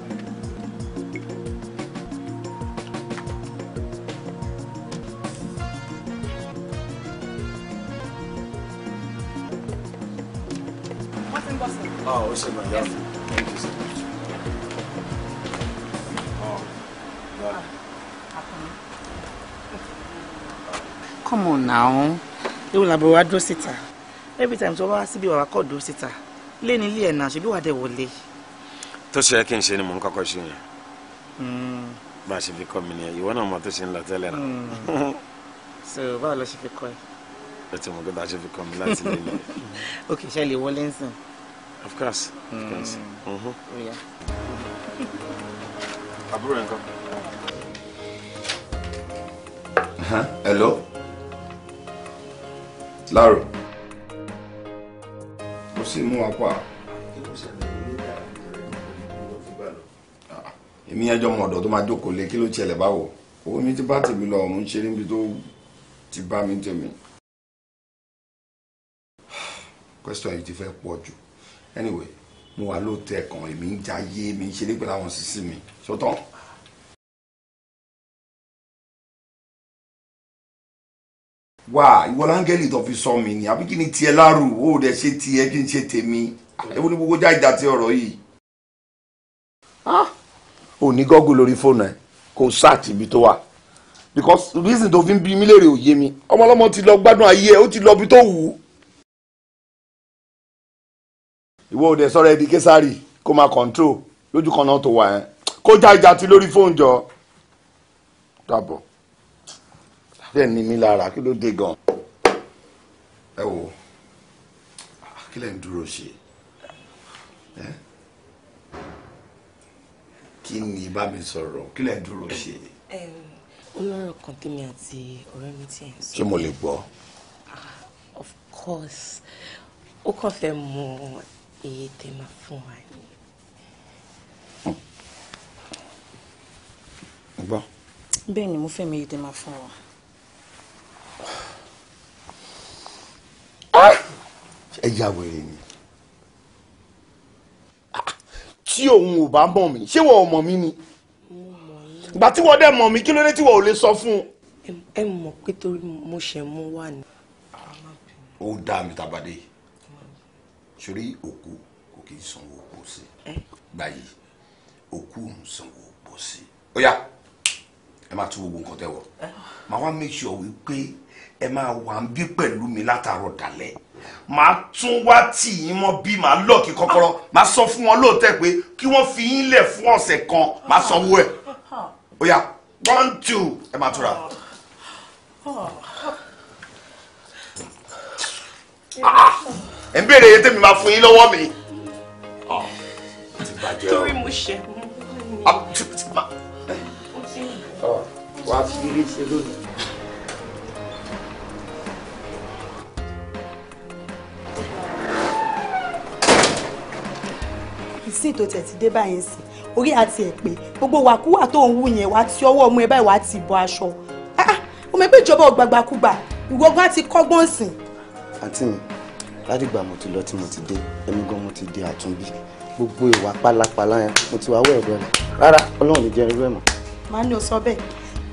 Ah, ó ṣe màá yá Thank you so much. Oh, Come on now. Ewu làbọ̀ wá dúró síta. Every time tó wá síbi wàá kọ̀ dúró síta. Ilé ní ilé ẹ̀ náà ṣe bí wàá dẹ̀ wọlé. Tó ṣe é kí n ṣe ni mò ń kọ́kọ́ ṣe yẹn. Hmm. Bá a ṣe fi kọ́ mi nìyẹn, ìwọ náà mọ̀ tó ṣe ń lọ tẹ́lẹ̀ hmm. So báwo ló ṣe fi kọ́ ẹ? Ẹ ti mọ̀ pé bá a ṣe Okay, ṣe lè wọlé ń Of course. Of mm. course. Mm-hmm. Àbúrò ẹ̀ nǹkan. Hello? Lárò. Mo sì mú wa pa. Ah, èmi ẹjọ́ mọ̀ ọ̀dọ̀ tó máa jókòó lé kí ló tiẹ̀lẹ̀ báwo? Owó mi ti bá tèmi lọ, mo ṣe níbi tó ti bá mi tèmi. Question yìí ti fẹ́ pọ̀ jù anyway mo wà lóòótọ́ ẹ̀kan èmi ń jayé mi ń ṣeré pẹ̀lú àwọn sísí mi sọ́tọ̀. wà ìwọ láńgẹ́lì tó fi sọ mi ni àbí kí ni tiẹ̀ láàrú ó dẹ̀ ṣe tiẹ̀ kí n ṣe tèmi ewu ni gbogbo jáìjà ti ọ̀rọ̀ yìí. ò ní gọ́gùn lórí fóònù ẹ kò sáàtì ibi tó wà because reason tó fi ń bí mi léèrè ò yé mi ọmọlọ́mọ ti lọ gbádùn ayé ẹ ó ti lọ ibi tó wù ú ìwọ òde sọ̀rọ̀ ẹ̀dí késàrì kó máa control lójú kan náà tó wà ẹ́ kó já ìjà ti lórí fóun jọ dàbọ̀ bẹ́ẹ̀ ni mí lára kí ló dé gan. ẹ wo kí lẹ́ ń dúró ṣe kí ni bá mi sọ̀rọ̀ kí lẹ́ ń dúró ṣe. ó lọ́rọ̀ kan tèmi àti ọ̀rẹ́ mi ti ẹ̀ ń sọ. ṣé mo lè gbọ́. Ah, of course ó kàn fẹ́ mọ èyí tẹ máa fún wa ni. gbọ́. bẹ́ẹ̀ ni mo fẹ́ mi èyí tẹ máa fún wa. ẹ ya wèrè ni ah, tí òun ò bá mọ̀ mí ṣé wọ́n ò mọ̀ mí ni ìgbà tí wọ́n dẹ̀ mọ̀ mí kí ló dé tí wọ́n ò lè sọ fún ẹ mọ̀ pé torí mo ṣe mú wà ní. ó dá mi tàbádé yìí sórí òkú kò kì í sanwó òpó sí gbàyè òkú ń sanwó òpó sí ó yá ẹ máa tún gbogbo nǹkan tẹ wọ máa wá make sure wípé ẹ máa wà ń bí pẹ̀lú mi látàárọ̀ dalẹ́ máa tún wá tì yín mọ́ bí máa lọ́ọ̀kì kọ́kọ́rọ́ máa sọ fún wọn lóòótẹ́ pé kí wọ́n fi yín lẹ̀ fún ọ̀sẹ̀ kan máa sanwó ẹ̀ ó one two ẹ máa túra. Ah! ah ẹ̀ ń béèrè iye tèmi máa fún yín lọ́wọ́ mi. Ah, torí mo ṣẹ̀ mú. wàá fi rí ṣe lónìí. ìsìn tó tẹ̀ ti dé báyìí sí orí àti ẹ̀ pé gbogbo wàkúwà tó ń wù yẹn wá ti ọwọ́ ọmọ ẹ báyìí wá ti bọ aṣọ ọmọ ah, ah, ẹgbẹ́ ìjọba ọ̀gbàgbàkúgbà ìwọ gan ti kọ́gbọ́n sìn. àǹtí mi ládìgbà mo ti lọ tí mo ti dé èmi gan mo ti di àtúnbí gbogbo ìwà pálapàla yẹn mo ti wá wẹ̀rẹ̀ rẹ̀ rárá ọlọ́run ní jẹ́ irú ẹ̀ mọ́. màá ní o sọ bẹ́ẹ̀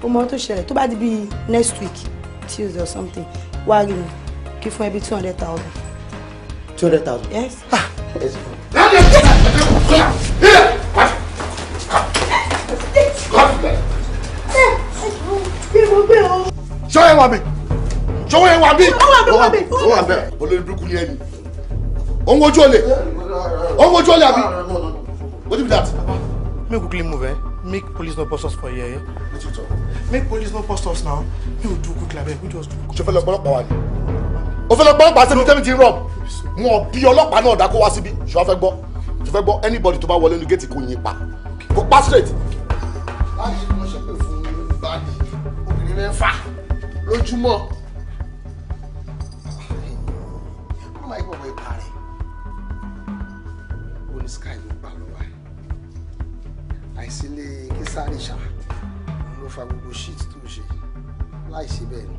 o mọ tó ṣẹlẹ̀ tó bá di bíi next week tuesday or something wá rí mi kí fún ẹbí two hundred thousand. two hundred thousand. yes. ṣọ́ ẹ wà mí ṣọwọ́ yẹn wà bí. ó wà bẹ́ẹ̀ ó wà bẹ́ẹ̀ olórí burúkú ni ẹni. òun ojú olè òun ojú olè àbí. what be that. make we quickly move eh? make police no post us for here. Eh? make police no post us now make we do quick labẹ we just do. ṣe fẹ́ lọ gbọ́lọ́pàá wa ni o fẹ́ lọ gbọ́lọ́pàá sẹ́nu tẹ́mi ti rọ̀ wọn bí ọlọ́pàá náà dákó wá síbi ṣọ́ fẹ́ gbọ́ ṣọ́ fẹ́ gbọ́ anybody tó bá wọlé nu géètì kò yín pa kò pa straight. láyé ni wọ́n ṣe pé fún báàgì obìnrin mẹ́fà lójúmọ́ bá ìbọ̀wọ̀ ìbá rẹ̀ ó ní sky ló gbà lọ́wọ́ ẹ̀ àìsílẹ̀ kísàrì ṣá ló fa gbogbo shit tó ṣe láì ṣe bẹ́ẹ̀ ni.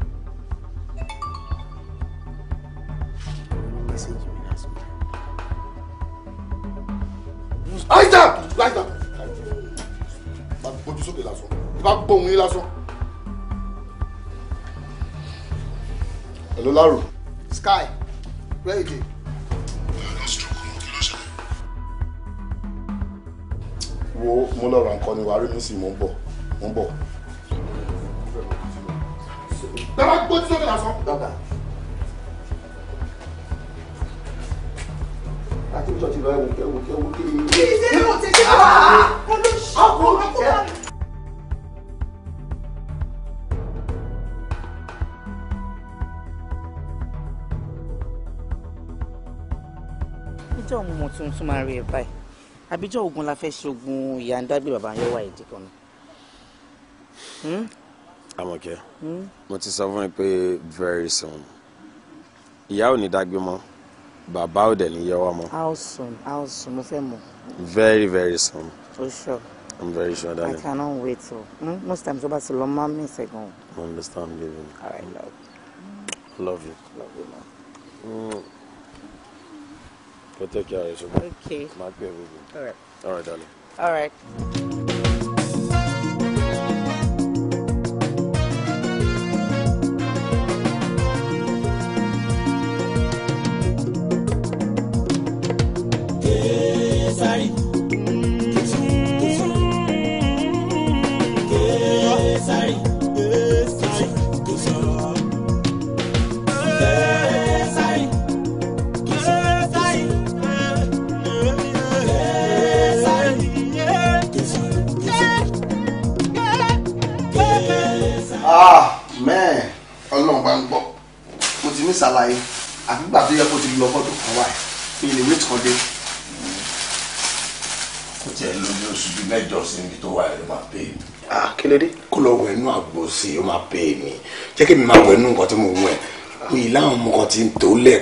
message me last week. Light up! Light up! Bá mi gbójú sókè lásán. Ìbá gbóhùn yín lásán. Hello, Laro. Sky where wo mo lọ ra nǹkan ni wàá rí mi sí mo ń bọ̀ mo ń bọ̀. bàbá gbó tí sọ́kè lásán. dọ́kà àti ìjọ ti lọ ẹ̀wù kẹ́wù kẹ́wù kí. kí ni ṣe é wọ́n ti ṣe é ah! wá. ọkùnrin àbíjọ́ ọmọ tuntun máa rí ẹ báyìí àbíjọ́ ogun la fẹ́ ṣogun ìyá ń dágbé bàbá yẹn wà ìdí kan ni. Hmm? Hmm? mo ti sọ fún ẹ pé very soon ìyá ò ní dágbé mọ́ bàbá ò dẹ̀ ní yẹwọ́ mọ́. how soon how soon mo fẹ́ mọ̀. very very soon. o sure. I'm very sure darling. I cannot wait o. Mm? most times o bá ti lọ máa I understand baby. all right love. love you. love you ma. Mm. Go take care of yourself. Okay. My care, All right. All right, darling. All right. jẹ́ kí mi máa wẹ̀ nú nǹkan tí mo wù ẹ̀ pé láwọn ọmọ kan ti ń tó lẹ̀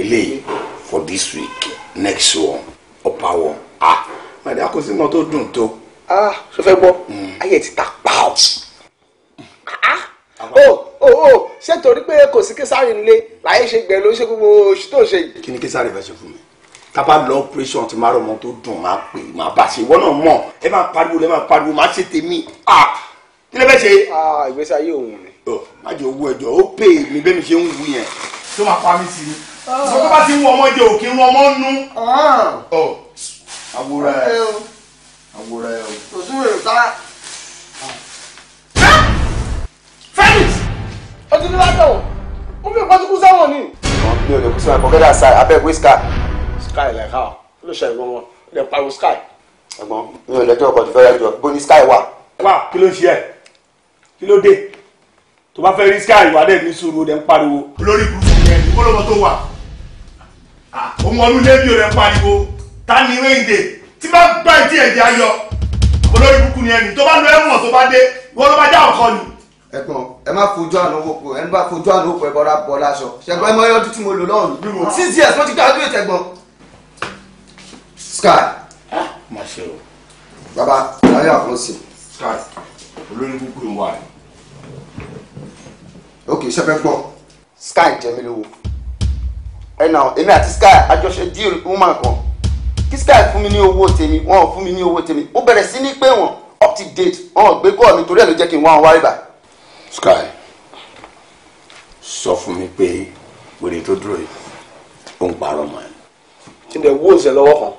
eléyìí for this week next one ọ̀pá wọn ah màdà kò sí nǹkan tó dùn tó. ah ṣe fẹ́ gbọ́ hmm. ayé ti ta pout. o o o ṣé torí pé kò sí késàrì nílé láyé ṣe gbẹ ló ṣe gbogbo oṣù tó ṣe yìí. kí ni késàrì fẹ́ ṣe fún mi tábà lọ operation ti máa rọmọ tó dùn máa pè máa bá ṣe ìwọ náà mọ ẹ máa pariwo ẹ máa pariwo máa ṣe tèmi ah kí ló fẹ́ ṣe. Ah, ìgbésí ayé òun ni má jẹ́ owó ẹjọ́ ó pè mí bẹ́ẹ̀ mi ṣe ń wú yẹn. tó máa pa mí sí i sọ pé bá ti ń wọ ọmọ jẹ òkè ń wọ ọmọ nú. Ah. àwòrán ẹ àwòrán ẹ o. kò sí wèrè sára. Ah! Felix o ti ní látọ̀ o mo fi ìpàtúkú sáwọn ni. mi ò lè kú sáwọn forget that side abeg wey sky. sky like how ló ṣe ẹ̀gbọ́n wọn lè pariwo sky. ẹ̀gbọ́n mi ò lẹ́jọ́ ọkọ̀ tó fẹ́rẹ̀ jọ bó ni sky wà. wà kí ló ń ṣe ẹ kí ló dé tó bá fẹ́ rí sky ìwà dẹ̀ ní sùúrù dẹ̀ ń pariwo. olórí burúkú yẹn ìbólóbó tó wà òun ọdún lẹ́bí ò dẹ̀ ń pariwo ta ni wéǹde tí bá gbá ìdí ẹ̀jẹ̀ ayọ olórí burúkú yẹn ni tó bá lọ ẹ̀wọ̀n tó bá dé wọ́n ló bá já ọkọ ni. ẹ̀gbọ́n ẹ má fojú àná owó pọ̀ ẹ má fojú àná owó pọ̀ ẹ bọ́ra bọ́ láṣọ ṣẹ̀gbọ́n ẹ mọ ọdún tí mo lò lọ́rùn six years mo ti graduate ẹ̀gbọ́n sky. baba ayé àkọsí. sky olórí burúkú yẹn wà ní ok ṣe fẹ́ gbọ́ sky jẹ mi lówó ẹnà èmi àti sky àjọṣe deal woman kan kí sky fún mi ní owó tèmi wọn ò fún mi ní owó tèmi ó bẹ̀rẹ̀ sí ní pé wọn up to date wọn ò gbé kọ́ mi torí ẹ̀ ló jẹ́ kí n wá wọn wárí bá. sky sọ fún mi pé wèrè tó dúró yìí ó ń parọ́ mọ́ ẹ. kí ni ẹ wó ìṣẹ́ lọ́wọ́ kan.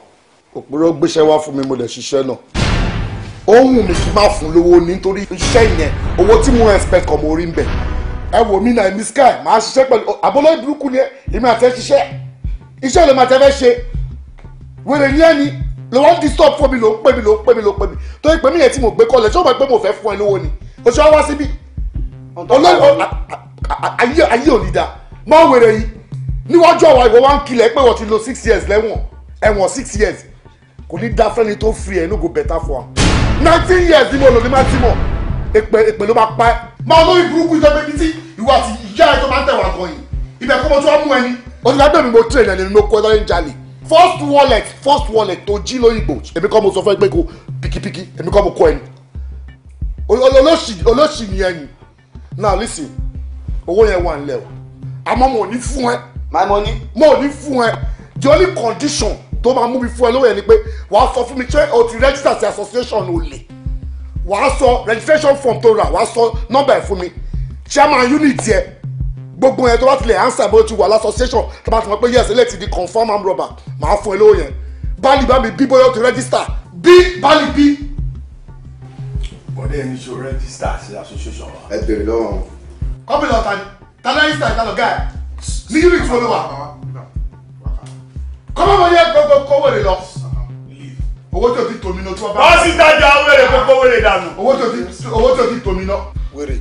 òpùrọ́ gbéṣẹ́ wá fún mi mo lè ṣiṣẹ́ náà ó ń wù mí kí n má fún lówó nítorí iṣẹ́ yẹn owó tí mo expect kọ́ mo rí ń bẹ̀ ẹ wò mí náà èmi sky màá ṣiṣẹ́ pẹ̀lú àbólóyè burúkú ni èmi àti ẹ ṣiṣẹ́ iṣẹ́ ló máa tẹ́ fẹ́ ṣe wèrè ní ẹni ló wá ń disturb fún mi ló ń pè mí ló ń pè mí ló ń pè mí tó ń pè mí yẹn tí mo gbé kọ́lẹ̀ ṣé o mọ̀ pé mo fẹ́ fún ẹ lówó ni o ṣe wá wá síbí olóyè ayé ayé ò ní da máa wèrè yìí níwájú àwa ìwọ wa ń kilẹ̀ pé wọ́n ti lò six years lẹ́wọ̀n ẹ̀wọ̀n six years kò ní dá fẹ́ni tó free ẹ̀ no go better for am nineteen years ni mo lò ní má ti mọ̀ èpè èpè ló máa pa ẹ́ máa lórí burúkú ìjọba ibi tí ìwà àti ìyá ẹ tó máa ń tẹ̀wà kan yìí ibẹ̀ kọ́ mo tún wá mú ẹni. onígbàgbọ́ mi mo train ẹni mo kọ́ ẹni jalè first wallet first wallet tó jí lóyìnbó èmi kọ́ mo sọ fún ẹ pé kò pikipiki èmi kọ́ mo kọ́ ẹni olóṣì olóṣì ni ẹni now listen owó yẹn wà nílẹ̀ o àmọ́ mo ní fún ẹ. my money. mo ní fún ẹ the only condition tó máa mú mi fún ẹ lówó yẹn ni pé wàá sọ fún mi ṣé o ti register sí association olè. No wàá sọ registration form tó rà wàá sọ nọ́mbà ẹ̀ fún mi chairman unit yẹ gbogbo yẹn tó bá tilẹ̀ answer bó ti wà association. tó bá ti mọ̀ pé yes eléyìí ti di confirm am rubber màá fún ẹ lówó yẹn báàlì bá mi bí bóyá o ti register bí báàlì bí. bọ́dẹ̀ ẹni ṣe o register sí association wa. ẹ bèrè lọ́wọ́ wọn. kọ́bìlì ọ̀tá ni tàdá yìí sàn ìtàlọ́gà ẹ̀ ní unit wo ló wà. kọ́mọ́mọ́ yẹ gbogbo kówó rẹ̀ lọ owó tó ti tòmí náà tí wọ́n bá. wọ́n sì dájọ́ awéré kókó wéré dànù. owó tó ti tòmí náà. wéré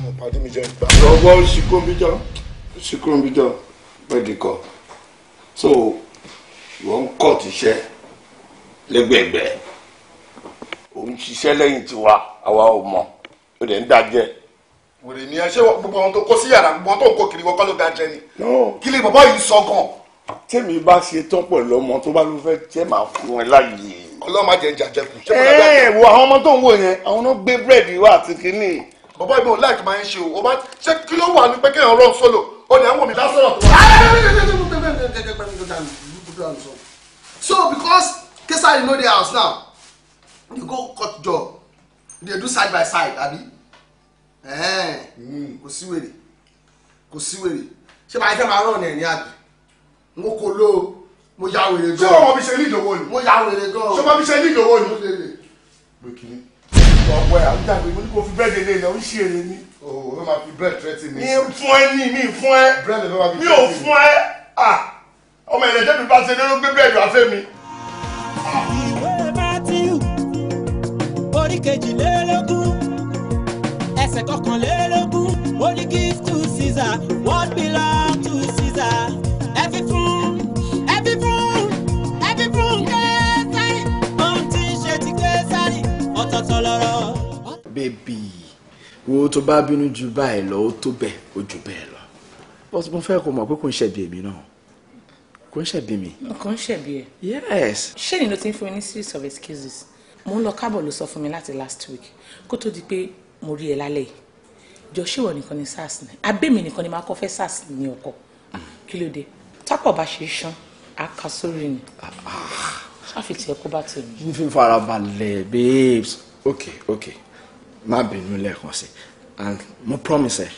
àwọn pàdé mi jẹ ìgbà. lọ́wọ́ ṣìkúròmíjọ́ ṣìkúròmíjọ́ bẹ́ẹ̀dì kọ so wọ́n ń kọ́ tiṣẹ́ lẹ́gbẹ̀ẹ́gbẹ́ òun ṣiṣẹ́ lẹ́yìn tiwa àwa ò mọ̀ ó dẹ̀ ń dájẹ́ wèrè ni ẹ ṣé gbogbo ohun tó kó sí yàrá gbogbo ohun tó ń kó kiri wọ́n kọ́ ló dájẹ́ ni kí lè bàbá yìí sọ gan-an tẹ́mi bá ṣe tán pẹ̀lú ọmọ tó bá ló fẹ́ jẹ́ máa fún ẹ láàyè. ọlọ́mọ jẹ jàjẹkù. ẹ ẹ wo àwọn ọmọ tó ń wò yẹn àwọn náà gbé búrẹ́dì wá àti kínní. bàbá ìbò láìpẹ́ máa ń ṣe o bá ṣé kí ló wà ní pé kéèyàn rán sólò ó lè ń wò mí lásọ̀rọ̀ so because Kesari know the house now you go cut job you dey do side by side abi hmm. kò sí wèrè kò sí wèrè ṣé màá jẹ́ màá rán ọ̀nà ẹ̀ ní àgbẹ̀ mo kò lo mo ya wèrè gan. ṣé ọmọ mi ṣe ní ìdòwò ni. mo ya wèrè gan. ṣé ọmọ mi ṣe ní ìdòwò ni. mo lè lè. lókìlì ọ̀pọ̀ ẹ̀ àwùjá pé mo ní kó fi bẹ́ẹ̀ délé ilẹ̀ ó ń ṣe èrè ni. òwò ló máa fi bẹ́ẹ̀ tẹ́tì mi. mi fún ẹ ní mi fún ẹ. bẹ́ẹ̀ ló máa fi tẹ́tì mi. mi ò fún ẹ ọmọ ìrẹ̀jẹ̀ mi bá ṣe lérò gbé bẹ́ẹ̀ lọ àfẹ́ mi. ìwé Mátíù orí kejìlélógún ẹsẹ̀ kọkànlélógún. bẹ́bí wo tó bá bínú ju báyìí lọ ó tó bẹ́ẹ̀ ó ju bẹ́ẹ̀ lọ bọ́sù mo fẹ́ kó mọ̀ pé kò ń ṣẹ̀bi èmi náà kò ń ṣẹ̀bi mi. kò ń ṣẹ̀bi ẹ. yes. ṣé ni ló ti ń fún mi ní series of excuses mo ń lọ kábọ̀ ló sọ fún mi láti last week kó tó di pé mo rí ẹ lálẹ́ yìí jọ ṣíwọ nìkan ni sars ni abẹ́mi nìkan ni máa kọ́ fẹ́ sars ní ọkọ̀ kí ló dé tápọ̀ bá ṣe ṣan á ka sórí ni ah, ah. ṣáfìtì ẹ kó bá tèmi. n fi fara babes okay okay má bínú lẹ́ẹ̀kan sí and mo promise ẹ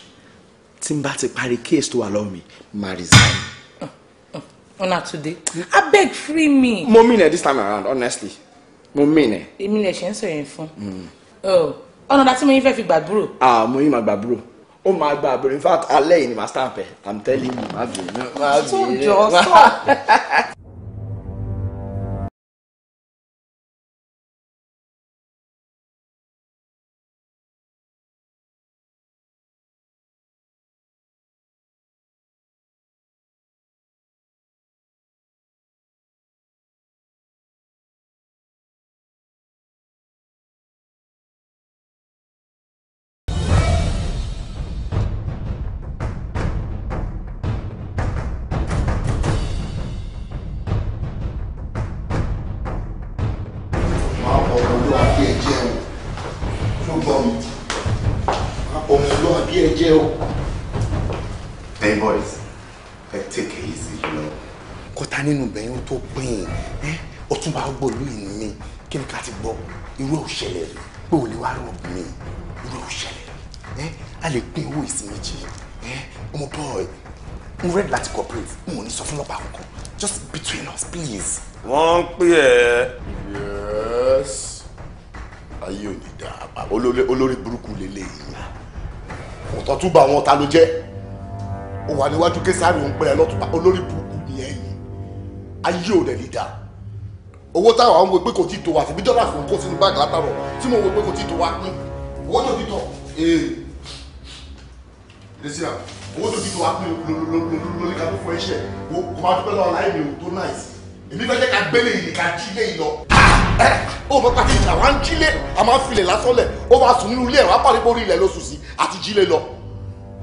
tí n bá ti parí case tó wà lọ́wọ́ mi ma resign. una today abeg free me. mo mean it this time around honestly mo mean it. èmi lè ṣe ń sọ yẹn fún. Oh, ọ̀nà dàtí mo yín fẹ́ fi gbàgbúrò. ah mo yín ma gbàgbúrò ó máa gba àbúrò in fact alẹ́ yìí ni màá stamp ẹ̀ i'm telling you màá bìí. tó jọ sọ. tó gbìn ọtún bá gbòòlù yìí ni mí kí ni ká ti gbọ́ irú òṣèlè rẹ̀ pé òní wàá rọ̀ mí irú òṣèlè rẹ̀ a lè pín owó ìsinmi jì ọmọ bọ́ọ̀ n rẹ̀ láti cooperate n ò ní sọ fún ọlọ́pàá kankan just between us please. wọ́n ń pè ẹ́. yes ayé ò ní dáa olórí burúkú lélẹ́yìí òtọ́tún bá wọn ta ló jẹ́ ó wà níwájú késàrì òun pẹ̀lẹ́ lọ́tún olórí burúkú ayé ò dẹ̀ lè dáa owó táwọn àwọn gbogbo pé kò tí tó wa tẹ̀bí dọ́là fún kó sínú báàgì látàrọ̀ tí mo wo pé kò tí tó wa hmm. owó tó ti tọ̀ ee lẹ́sìn à owó tó ti tọ̀ wa lórí ká tó fọ iṣẹ́ wo kò máa dúpẹ́ lọ́wọ́ láì mi ò tó náìsì èmi fẹ́ jẹ́ ká gbélé yìí ká jílé yìí lọ. Ah, eh. ó bá wa ń jílé a máa ń filẹ̀ lásán lẹ̀ ó bá sùn nínú ilé ẹ̀rọ apá nípa orí ilẹ̀ lóṣù sí àti jílé lọ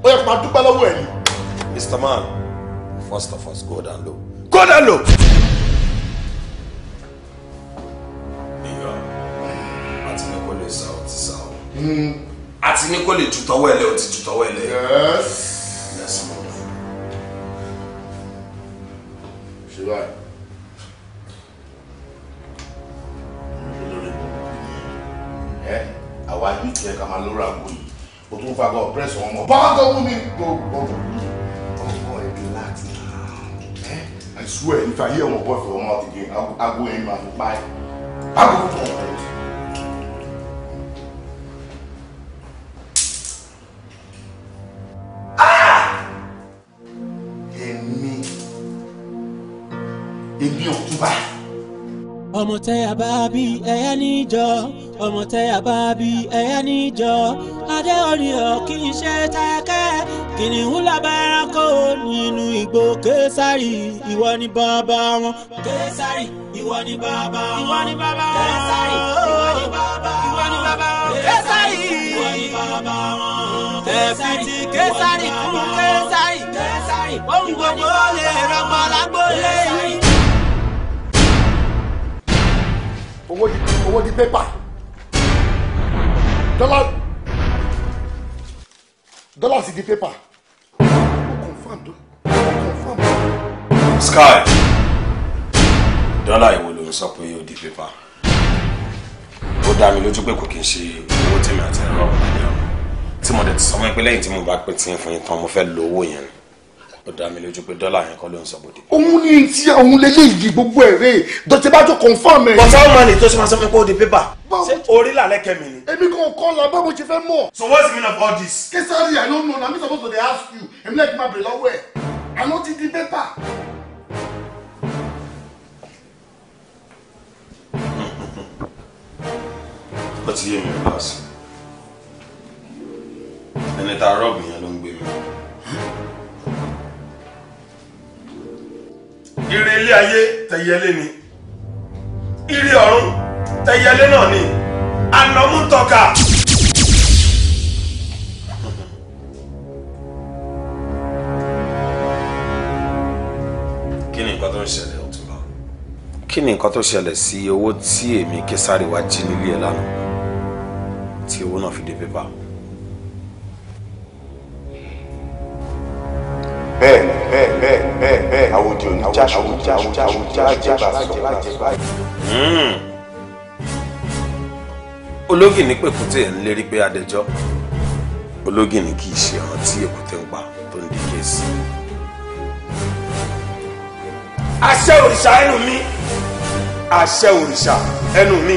ó yẹ kó máa dúpẹ́ Man, first of us go down low kódà lò. ìyá àti ní kò lè sá ọ ti sá ọ àti ní kò lè ju tọwọ́ ẹ lẹ ọ ti ju tọwọ́ ẹ lẹ. ṣe báyìí. àwa yìí kí ẹ ká máa lóra àgbo yìí o tún fagbọ pẹrẹsì ọmọ. bá a tó wú mi I swear, if I hear my boy from mouth again, I'll, I'll go in and buy. I'll go for my head. Ah! èmi Ọ̀túnba. ọmọ tẹ a bá bí ẹyẹ níjọ ọmọ tẹ a bá bí ẹyẹ níjọ adé orí ọ̀kí iṣẹ́ tẹ́kẹ́ kìnìún lábẹ́ ẹranko nínú igbó késàrì ìwọ ni bàbá wọn. késàrì ìwọ ni bàbá wọn. ìwọ ni bàbá wọn. késàrì ìwọ ni bàbá wọn. ìwọ ni bàbá wọn. késàrì ìwọ ni bàbá wọn. ẹ̀fìn ti késàrì fún késàrì. késàrì ohun gbogbo lè rọgbọ lágbóyè yìí. owó di pépà dollars in the paper o confam do o sky dọ́là ìwo ló ń sọ pé ó di pépà ó dá mi lójú pé kò kí n ṣe owó tèmi àti ẹ̀rọ ọ̀gbìn tí mo dẹ̀ ti sọ fún ẹ pé lẹ́yìn tí mo bá pè tí ń fún yín tán mo fẹ́ lo owó yẹn ni ó dá mi lójú pé dọ́là yẹn kọ́ ló ń sọ bòde. òun ni ti òun lélẹ́yìí gbogbo ẹ̀rẹ́ dọ̀tí bá tó confam ẹ̀. bọ̀sá ọmọ ni tó ṣe máa sọ fún mi pé ó di pépà ṣé orí làlẹ́ kẹ́mi ni. èmi kan kọ́ la bá mo ṣe fẹ́ mọ̀. so what's the meaning of all this. Kesari i no know na me suppose to dey ask you èmi náà kì í máa bèrè lọ́wọ́ ẹ̀ àná ti di pépà. ó ti yé mi pass ẹni tá a rọ̀ bìyàn ire ilé ayé tẹ̀yẹlé ni ire ọ̀run tẹ̀yẹlé náà ni anamútọ́ka. kí ni nǹkan tó ń ṣẹlẹ̀ Ọ̀túnba. kí ni nǹkan tó ṣẹlẹ̀ sí owó tí èmi ké sáré wá jí nílé ẹ lánàá tí owó náà fi dé pépà. bẹ́ẹ̀ bẹ́ẹ̀ bẹ́ẹ̀ bẹ́ẹ̀ bẹ́ẹ̀ àwùjá àwùjá àwùjá àjẹbàsọ. ológì ní pèkúté ń lérí pé adẹjọ́ ológì ní kì í ṣe ọ̀ràn tí èkúté ń pa tó ń di kéésì. àṣẹ òrìṣà ẹnu mi àṣẹ òrìṣà ẹnu mi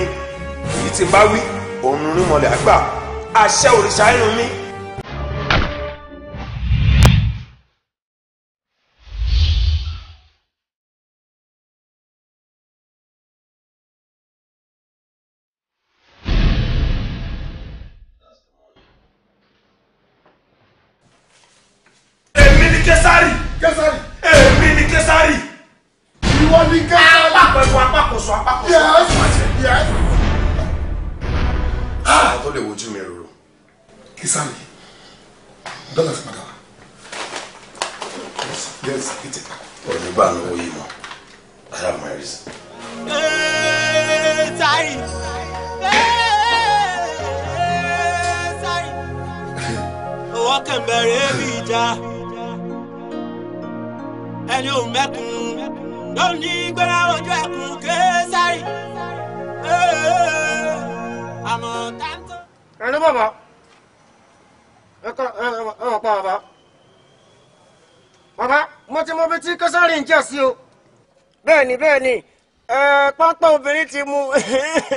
èyí tí bá wí òun rí àgbà àṣẹ òrìṣà ẹnu mi. bẹ̀rẹ̀ bí ìjà ẹni ò mẹ́kun ló ní gbéra ojú ẹkùn késàrì àmọ́ táńtó. ẹni bàbá ẹ wà pa bàbá bàbá mo ti mọ bí tí késàrì ń jà sí o. bẹ́ẹ̀ni bẹ́ẹ̀ni pápá obìnrin ti mu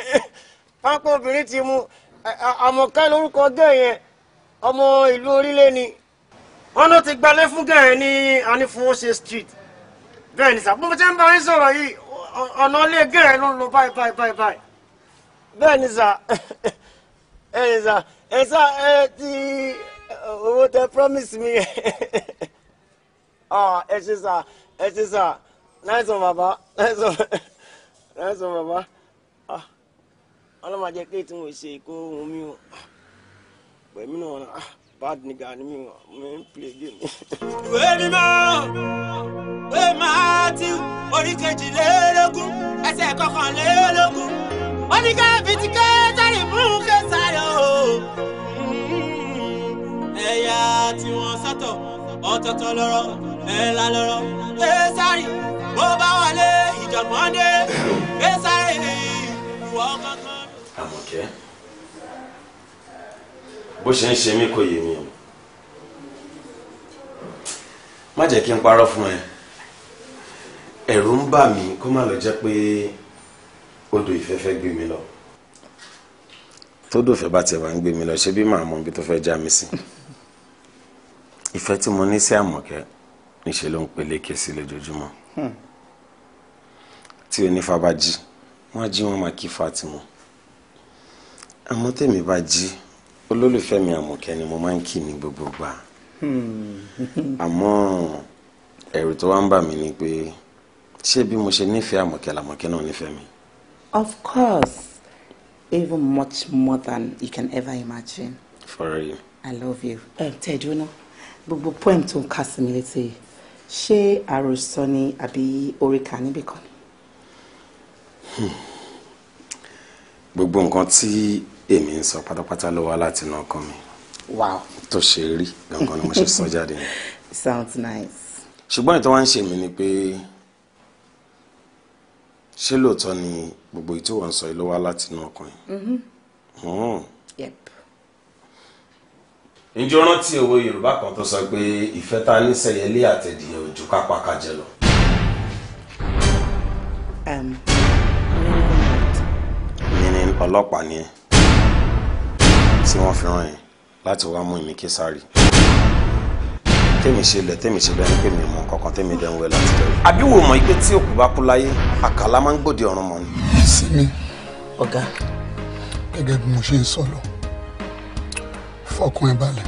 pápá obìnrin ti mu àmọ̀ká lórúkọ gẹ́ yẹn ọmọ ìlú orílẹ̀ ni wọ́n ló ti gbalé fún gẹ̀ẹ́ ní anífowóṣe street bẹ́ẹ̀ ni sà bó ti ń bá yín sọ̀rọ̀ yìí ọ̀nà ilé gẹ̀ẹ́ ló ń lọ báyìí báyìí báyìí báyìí bẹ́ẹ̀ ni sà ẹ ní sà ẹ sà ẹ ti eh, owó tẹ promise mi ah, ẹ ṣe sà ẹ ṣe sà láìsàn bàbá láìsàn láìsàn bàbá ah, ọlọ́màjẹ́ kéètì mo ṣe ìkó ohun mi o pẹ̀lú náà wọn bad nigga ni mi wọn mi ń play game. ìwé mímọ́ ìwé Mátíù orí kejìlélógún ẹsẹ̀ kọkànlélógún wọ́n ní ká fìtí kẹ́tàrí fún kẹsàrẹ́ ẹ̀yà tí wọ́n sọ́tọ̀ ọ̀tọ̀ọ̀tọ̀ lọ́rọ̀ ẹ̀la lọ́rọ̀ kẹsàrí bó bá wọlé ìjọ̀gbọ́n dé kẹsàrí ìwọ kankan. àmọ̀kẹ́ bó ṣe ń ṣe mí kò yé mi o má jẹ́ kí n parọ́ fún ẹ ẹ̀rù ń bà mí kó má lọ jẹ́ pé odò ìfẹ́ fẹ́ gbé mi lọ tódò ìfẹ́ bá tiẹ̀ wá ń gbé mi lọ ṣé bí màá mọ ibi tó fẹ́ já mi sí ìfẹ́ tí mo ní sí àmọ̀kẹ́ níṣẹ́ ló ń peléke sí lójoojúmọ́ hmm. tí onífà bá jí wọ́n á jí wọ́n máa kí Fatima àmọ́ tèmi bá jí olólùfẹ́ mi àmọ̀kẹ́ ni mo máa ń kì ní gbogbo gbà hmm. àmọ́ ẹ̀rù tó wá ń bà mí ni pé ṣé bí mo ṣe nífẹ̀ẹ́ àmọ̀kẹ́ làmọ̀kẹ́ náà nífẹ̀ẹ́ mi. of course even much more than you can ever imagine. for real. i love you. Eh, ẹ tẹ̀dú náà gbogbo poem tó ń kà sí mi létí ṣé àròsọ ni àbí orí kà níbì kan. Hmm. gbogbo nǹkan tí èmi ń sọ pátápátá ló wá láti inú ọkàn mi. wow. tó ṣe rí gangan ni mo ṣe sọ jáde sounds nice. ṣùgbọ́n ìtọ́ wá ń ṣe mí ni pé ṣé lóòótọ́ ni gbogbo èyí tí wọ́n ń sọ yìí ló wá láti inú ọkàn yìí. Mm-hmm. Hmm. yep. ǹjọ́ rántí òwe yorùbá kan tó sọ pé ìfẹ́ ta ní sẹ́yẹlé àtẹ̀dìyẹ ojú kápá kájẹ lọ. Um, meaning ọlọ́pàá ni ẹ tí wọ́n fi ràn yẹn láti wá mú ìmí késàrì tèmi ṣe lẹ tèmi ṣe bẹni pé mi mọ kankan tèmi dẹ ń wẹ láti tẹlẹ. àbí wo mọ̀ pé tí òkú bá kú láyé àkàlà máa ń gbòde ọ̀run mọ́ ni. sinmi ọ̀gá gẹ́gẹ́ bí mo ṣe ń sọ lọ fọkàn ẹ balẹ̀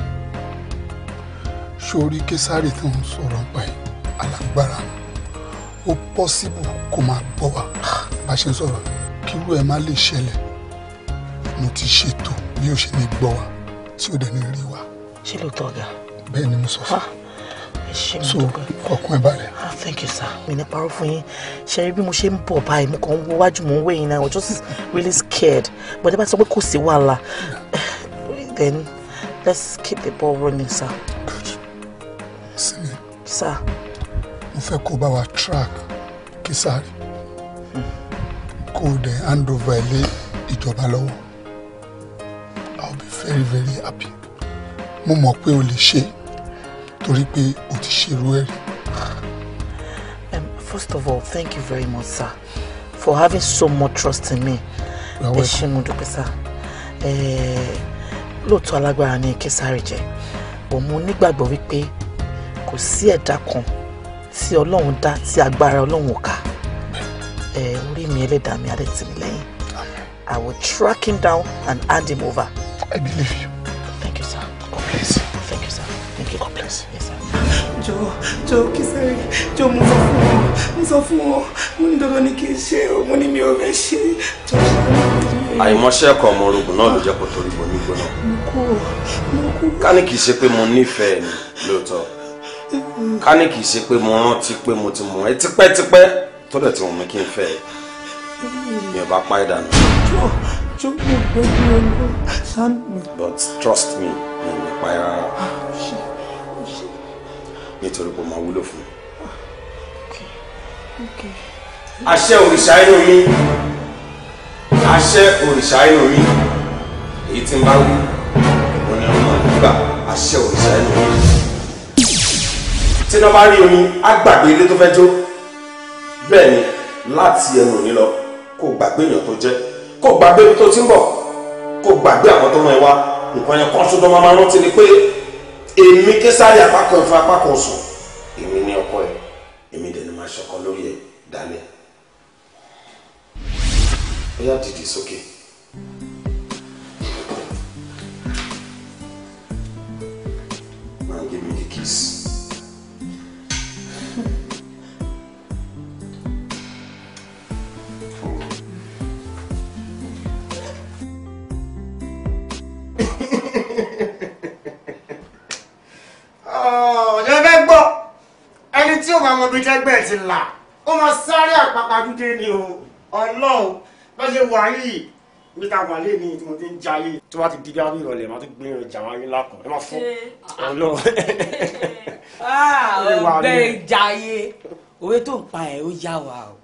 sórí késàrì tí wọ́n sọ̀rọ̀ nípa ẹ̀ alágbára ó pọ́síbù kó máa gbọ́ wa bá ṣe ń sọ̀rọ̀ kírú ẹ̀ má lè ṣẹlẹ̀ mo ti ṣètò bí ó ṣe lè gbọ́ wa tí ó dẹ̀ ní rí wa. ṣé lóòótọ́ ọ̀gá. bẹ́ẹ̀ ni mo sọ fún ah, un. so ọkùn balẹ̀. ah thank you sir mi ní parọ́ fún yín ṣe rí bí mo ṣe ń bọ̀ báyìí mo kàn ń wájú mo ń wé yín náà i was just really scared but ẹ bá sọ pé kò sí wàhálà then let's keep the ball rolling sir. good sinmi. sir. mo fẹ́ kó bá wa track kí sáré hmm. kó o dẹ̀ hand over ẹ lé ìjọba lọ́wọ́ very very happy mo mọ̀ pé o lè ṣe torí pé o ti ṣerú ẹ̀ rí. Um, first of all, thank you very much, sir, for having so much trust in me. Ẹ ṣé mo dúpẹ́ sá. Lóòótọ́ alágbára ni Késàrì jẹ́, bọ̀ mo nígbàgbọ́ wípé kò sí ẹ̀dá kan tí Ọlọ́run dá tí agbára Ọlọ́run ò ká. Orí mi ẹlẹ́dàá mi á dẹ̀ tì mí lẹ́yìn. I will track him down and hand him over. I believe you. Thank you, sir. God bless Thank you, sir. Thank you. God bless Yes, sir. Jọ, jọ kí sẹ́rí, jọ mo sọ fún ọ, mo sọ fún ọ, mo ní dandan ni kì í ṣe o, mo ní mi ò fẹ́ ṣe. Àìmọṣẹ́ kan ọmọ orogun náà ló jẹ́ kó torí bo nígbó náà. Mo kú o, mo kú. Ká ní kì í ṣe pé mo nífẹ̀ẹ́ ni lóòótọ́. Ká ní mo rántí pé mo ti mọ̀ ẹ́ tipẹ́tipẹ́ ti wọ̀n mi kí n Mi ò pa ẹ̀ dànù but trust me mi ò pa ẹ́ rárá nítorí pé ó máa wúlò fún mi. àṣẹ òrìṣà inú mi àṣẹ òrìṣà inú mi èyí tí ń bá wù ọ̀pọ̀ ni ọmọ nígbà àṣẹ òrìṣà inú mi. tí iná bá rí omi á gbàgbé ilé tó fẹ́ jó bẹ́ẹ̀ láti ẹnu òní lọ kó gbàgbé èèyàn tó jẹ́ kò gbàgbé ibi tó ti ń bọ̀ kò gbàgbé àwọn tó rán ẹ wá nǹkan yẹn kan ṣoṣo máa rántí ni pé èmi Késárì apákan ìfún apákan sùn èmi ni ọkọ ẹ èmi dẹ̀ ni máa ṣọkọ lórí ẹ dálẹ̀ bóyá dìde sókè. Man, give me the kiss. ọ̀jọ̀ oh, fẹ́ gbọ́ ẹni tí ò bá mọ ibi tẹ́gbẹ́ ti là ó máa sáré àpapà dúdé ni o ọlọ́run bá ṣe wà yìí ibi tá a wà lé ní tí mo ti ń jayé tó bá ti di bí abí ìrọ̀lẹ́ máa tó gbé ìjà wáyé lápọ̀n ẹ máa fún ọlọ́run. Ah, ọbẹ̀ ìjayé òwe tó ń pa ẹ̀ ó yá wa o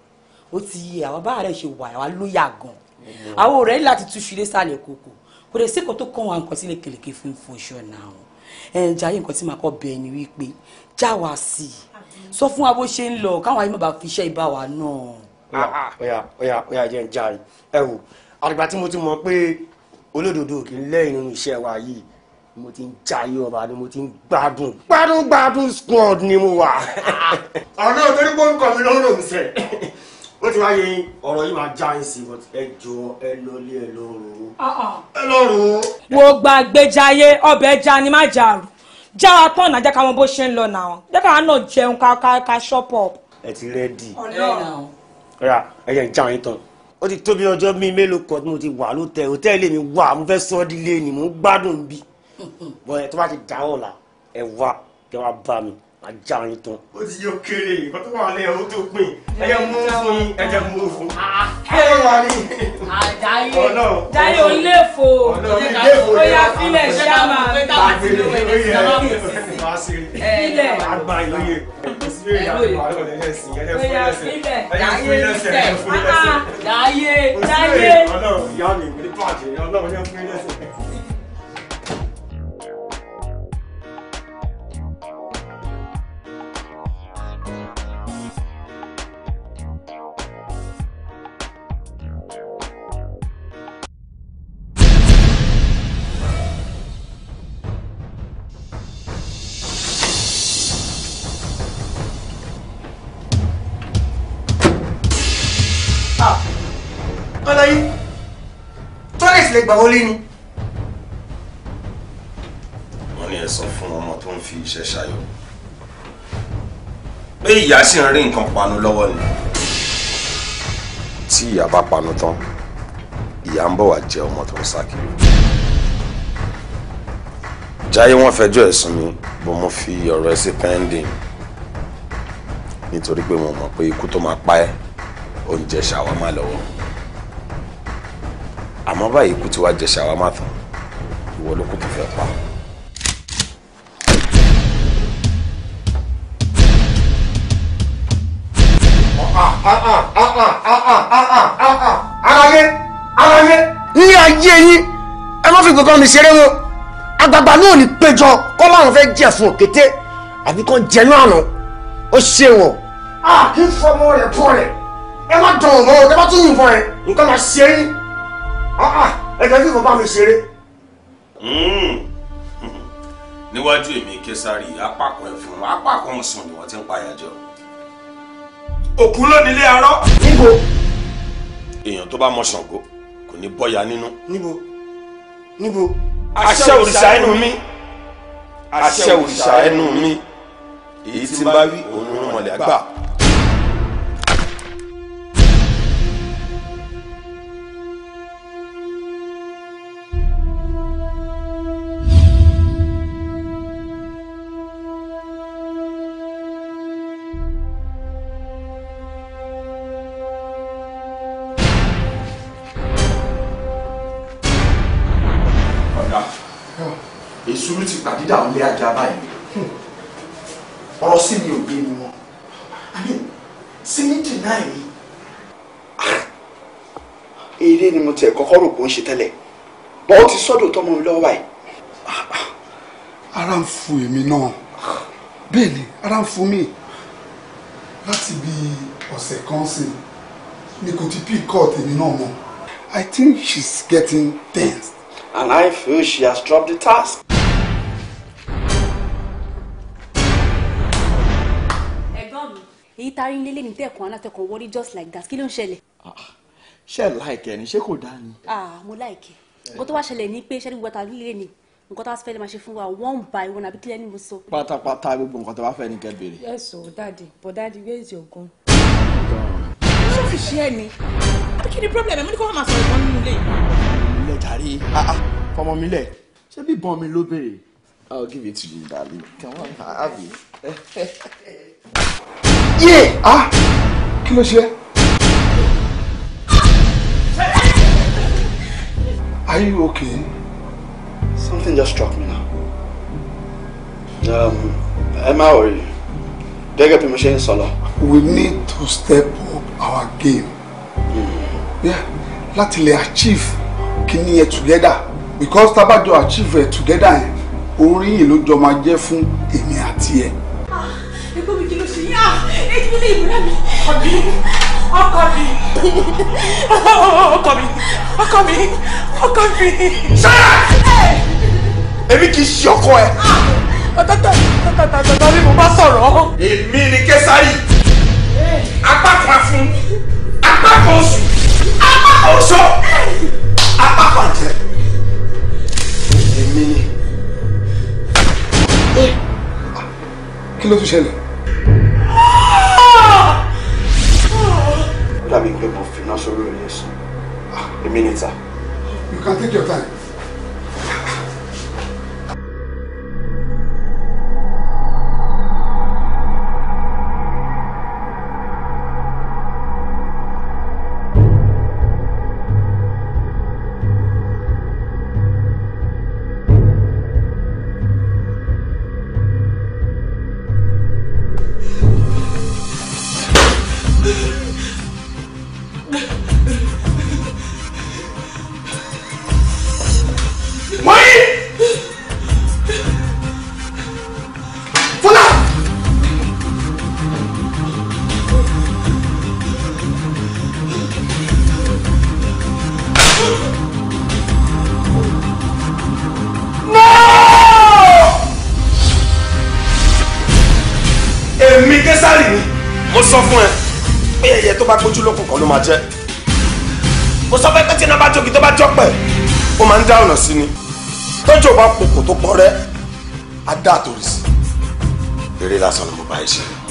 ó ti yé àwọn bá rẹ̀ ṣe wà wá ló yà gan mm-hmm. àwọn ọ̀rẹ́ láti túṣu lé sàlẹ̀ kòkò kò lè sí kó tó kàn wá nǹkan ẹ jayé nǹkan tí màá kọ́ bẹ̀ ni wípé já wa sí i sọ fún wa bó ṣe ń lọ káwọn ayé má bàa fi iṣẹ́ ìbá wa náà. ọ̀yà ọ̀yà ọ̀yà jẹ́ ń já yìí ẹ wò àgbà tí mo ti mọ̀ pé olódodo kì í lẹ́yìn nínú iṣẹ́ wa yìí mo ti ń jayé ọba ni mo ti ń gbádùn gbádùn gbádùn squad ni mo wà. ọ̀nà òtórí pọ́ńkọ̀ mi lọ́rùn sẹ́ẹ̀ ó ti wáyé ọ̀rọ̀ yìí máa já yín sí i ẹ jọ ẹ lọlé ẹ lọ́rùn ẹ lọ́rùn. wo gbàgbé ọbẹ̀ já ni má jà rù já wa tán náà jẹ́ ká wọn bó ṣe ń lọ nà wọn jẹ́ ká náà jẹun ká ká ká ṣọ́pọ̀. ẹ ti rẹ́dì ọ̀rẹ́ ẹ̀yẹ ń já yín tán ó ti tóbi ọjọ́ bíi mélòó kan tí mo ti wà lóòótẹ́ òtẹ́ẹ̀lì mi wà mo fẹ́ sọ ọ́ dílé ni mo ń gbádùn bí bọ́ẹ̀ tó bá ti dáwọ́ la ẹ wá kẹ wá bá mi má já yín tán. ó ti yóò kéré ìkan tó wà lẹ́yìn ó tó pin ẹ̀jẹ̀ mú fún yín ẹ̀jẹ̀ mú fún. ẹ̀rọ ah, ah, ah. wà ní. àdáyé dáyé ò lè fò ó yá sílẹ̀ ṣé a máa bá a ti lóye ní sísè sílẹ̀ àgbà ìlóye ìyá sílẹ̀ dáyé sílẹ̀ dáyé dáyé. ọlọ́run ìyá mi ní bàjẹ́ ọlọ́run yẹn fún ilé ẹsẹ̀. gbà wọlé ni. wọ́n ní ẹ sọ fún ọmọ tó ń fi iṣẹ́ ṣayọ̀ pé ìyá sì ń rí nǹkan panu lọ́wọ́ ni. tí ìyá bá panu tán ìyá ń bọ̀ wá jẹ ọmọ tó ń sá kiri. jáyé wọ́n fẹjọ́ ẹ̀sùn mi bó mo fi ọ̀rọ̀ ẹ sí pending nítorí pé mo mọ̀ pé ikú tó máa pa ẹ́ oúnjẹ ṣàwámà lọ́wọ́ àmọ́ báyìí ikú ti wá jẹ ṣàwámà tán ìwọ ló kù tó fẹ́ pa. aráyé aráyé ní ayé yín ẹ má fi gbogbo mi ṣeré wọn àgbààgbà náà ní péjọ kọ́ láwọn fẹ́ jẹ fún òkété àbí kan jẹnu àná ó ṣe wọ̀. a kì í fọmọ rẹ̀ fọ rẹ̀ ẹ má dán ọmọ rẹ̀ ẹ má tún yìnbọn rẹ̀ nǹkan máa ṣe é yín. Ah, ah, ẹ̀jẹ̀ kí kò bá mi ṣeré. Hmm. níwájú èmi késàrì apákan ẹ̀fọn apákan ọ̀sán ni wọ́n ti ń payà jọ. òkú ló nílé arọ́. níbo. èèyàn tó bá mọ Ṣàngó kò ní bọ́ya nínú. níbo níbo. àṣẹ òrìṣà ẹnu mi àṣẹ òrìṣà ẹnu mi èyí tí n bá wí òun ló mọlẹ̀ àgbà. kọ́kọ́ rò pé ń ṣe tẹ́lẹ̀ bọ́ ó ti sọ́dọ̀ tọmọ mi lọ́wọ́ báyìí. ara ń fu èmi náà bẹ́ẹ̀ ni ara ń fu mi láti bí ọ̀sẹ̀ kan sí ni kò ti pick cut èmi náà mọ́ I think she's getting tense. And I feel she has dropped the task. ẹ̀gbọ́n mi èyí tá a rí nílé ní tẹ́ẹ̀kan alátẹ̀kọ̀ wọlé just like that kí ló ń ṣẹlẹ̀. Ah, ṣe láìkẹ ni ṣé kò dáa ni. ah mo láìkẹ nǹkan tó wá ṣẹlẹ̀ ni pé ṣẹ́ni gbọ́ta líle ni nǹkan tó wá fẹ́ lè máa ṣe fún wa one by one àbí kílẹ̀ ni mo sọ. pátápátá gbogbo nǹkan tó bá fẹ́ ni kẹ́ béèrè. ẹ sọ dáàdi but dáàdi where is your gun. ṣé o fi ṣe ẹ ni àbí kí ni problem ẹ mo ní kó má máa sọ̀rọ̀ ìbọn nínú ilé yìí. ilé jàre ah, ah, fọmọ mi lẹ ṣé bí ìbọn mi ló béèrè. I will give it to you darling come on have it. yé ah kí ló ṣe é. Are you okay? Something just struck me now. Um, ẹ má worry. Gẹ́gẹ́ bí permission, ṣe We need to step up our game. Mm. Yeah, let's achieve kíní together because tá bá jọ achieve it together Only oríyìn ló jọ magic from fún èmi Ah, ẹ. Ẹ̀gbọ́n mi kí ló ṣe yá? Ah, ẹ̀gbọ́n mi ìmúra ọkọ mi ọkọ mi ọkọ mi ọkọ mi. sara èmi kì í ṣe ọkọ ẹ. Ah! tọ́tọ́tọ́tọ́tọ́tọ́ ni mo bá sọ̀rọ̀. èmi ni kẹsàrì apá kan fún apá kan oṣù apá kan oṣù apá kan jẹ èmi ni. Ah! kí ló tún ṣẹlẹ̀. pé mo fi iná sórí orí ẹ̀sùn ah, èmi You can take your time. máa jẹ́ mo sọ fẹ́ pé tí iná bá jókì tó bá jọ́pẹ̀ ó máa ń dá ọ̀nà sí ni tọ́jú ò bá pokò tó pọ̀ rẹ́ á dá àtòrí sí eré lásán ni mo bá yìí ṣe.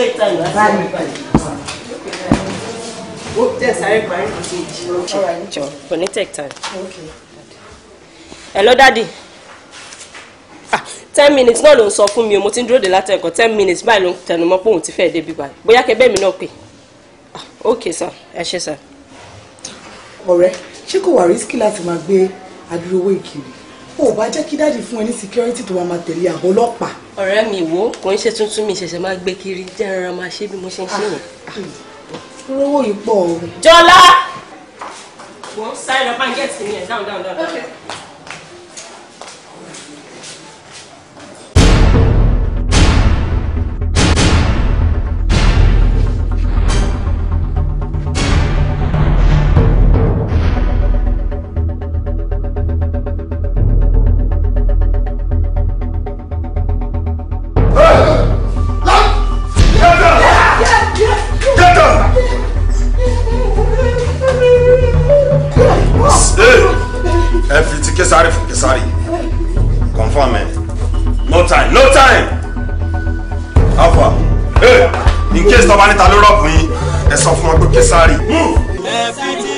take time. Báyìí báyìí. Ó tẹ̀ sáré parí kò sí ìjì. Kò ní take time. Hello daddy. Ah, ten minutes náà ló ń sọ fún mi o mo ti ń dúró de látẹ̀kọ́ ten minutes báyìí ló ń tẹnumọ́ pé òun ti fẹ́ débi báyìí bóyá kẹ́ bẹ́ẹ̀ mi náà pè ah, ok sir ẹ ṣe sir. ọ̀rẹ́ ṣé kò wà rísíkì láti máa gbé adúlówó ìkiri o ò bá jẹ́ kí dáàdi fún ẹ ní security tó wà máa tẹ̀lé àbọ̀ ọlọ́pàá ọ̀rẹ́ mi wo kò ń ṣe tuntun mi ṣẹ̀ṣẹ̀ máa gbé kiri jẹ́ ara máa ṣe bí mo ṣe ń ṣe yẹn. rówó ah, yìí pọ̀ o. jọlá. wọ́n sáré lọ bá ń gẹ̀ẹ́sì mi ẹ̀ dáhùn dáhùn dáhùn. ta ló rọ̀ fún yín ẹ sọ fún wọn pé késàrì. ẹ̀fìtì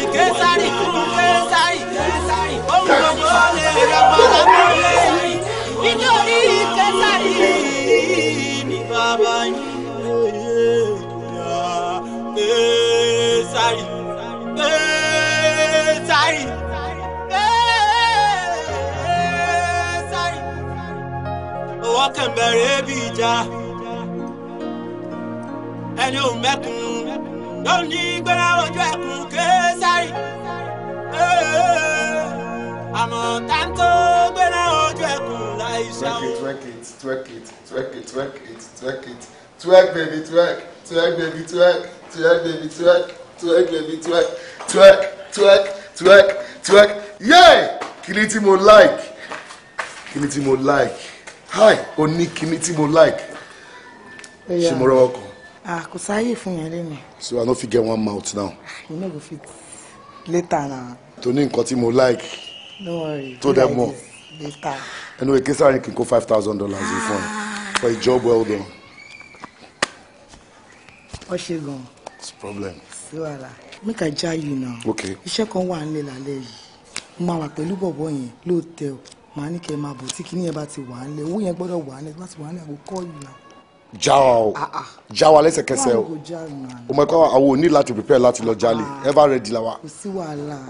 ò mẹ́kun lóní gbéra ojú ẹkùn késàrì. àmọ́ táńtó gbéra ojú ẹkùn láìsá o. twerk it twerk it twerk it twerk it twerk it twerk baby twerk twerk baby twerk twerk baby twerk twerk baby twerk twerk twerk twerk twerk yeah! kí ni tí mo like kí ni tí mo like hi o ní kí ni tí mo like ṣe mo rọ ọkàn. Ah, kò sáyè fún yẹn lẹ́nu. so i no fit get one mouth now. Ah, you no go fit later na. tó ní nǹkan tí mo like. no worry tó dẹ mọ later. anyway kí sáré kí five thousand dollars in fún ah. for a job well done. ọ ṣe gan. it's problem. sí wàhálà make i jar you now. okay. iṣẹ́ kan wà nílẹ̀ lálẹ́ yìí mo máa wà pẹ̀lú bọ̀bọ̀ yẹn lóòótẹ́ o màá ní kẹ́ ẹ máa bọ̀ tí kinní yẹn bá ti wà nílẹ̀ owó yẹn gbọ́dọ̀ wà nílẹ̀ bá ti wà nílẹ̀ àgbo kọ́ yìí náà já wa o ah, ah. já wa lẹ́sẹ̀kẹsẹ̀ o o mọ̀ ẹ́ kọ́ àwọn ò ní láti prepare láti lọ jálè ah. ever ready la wa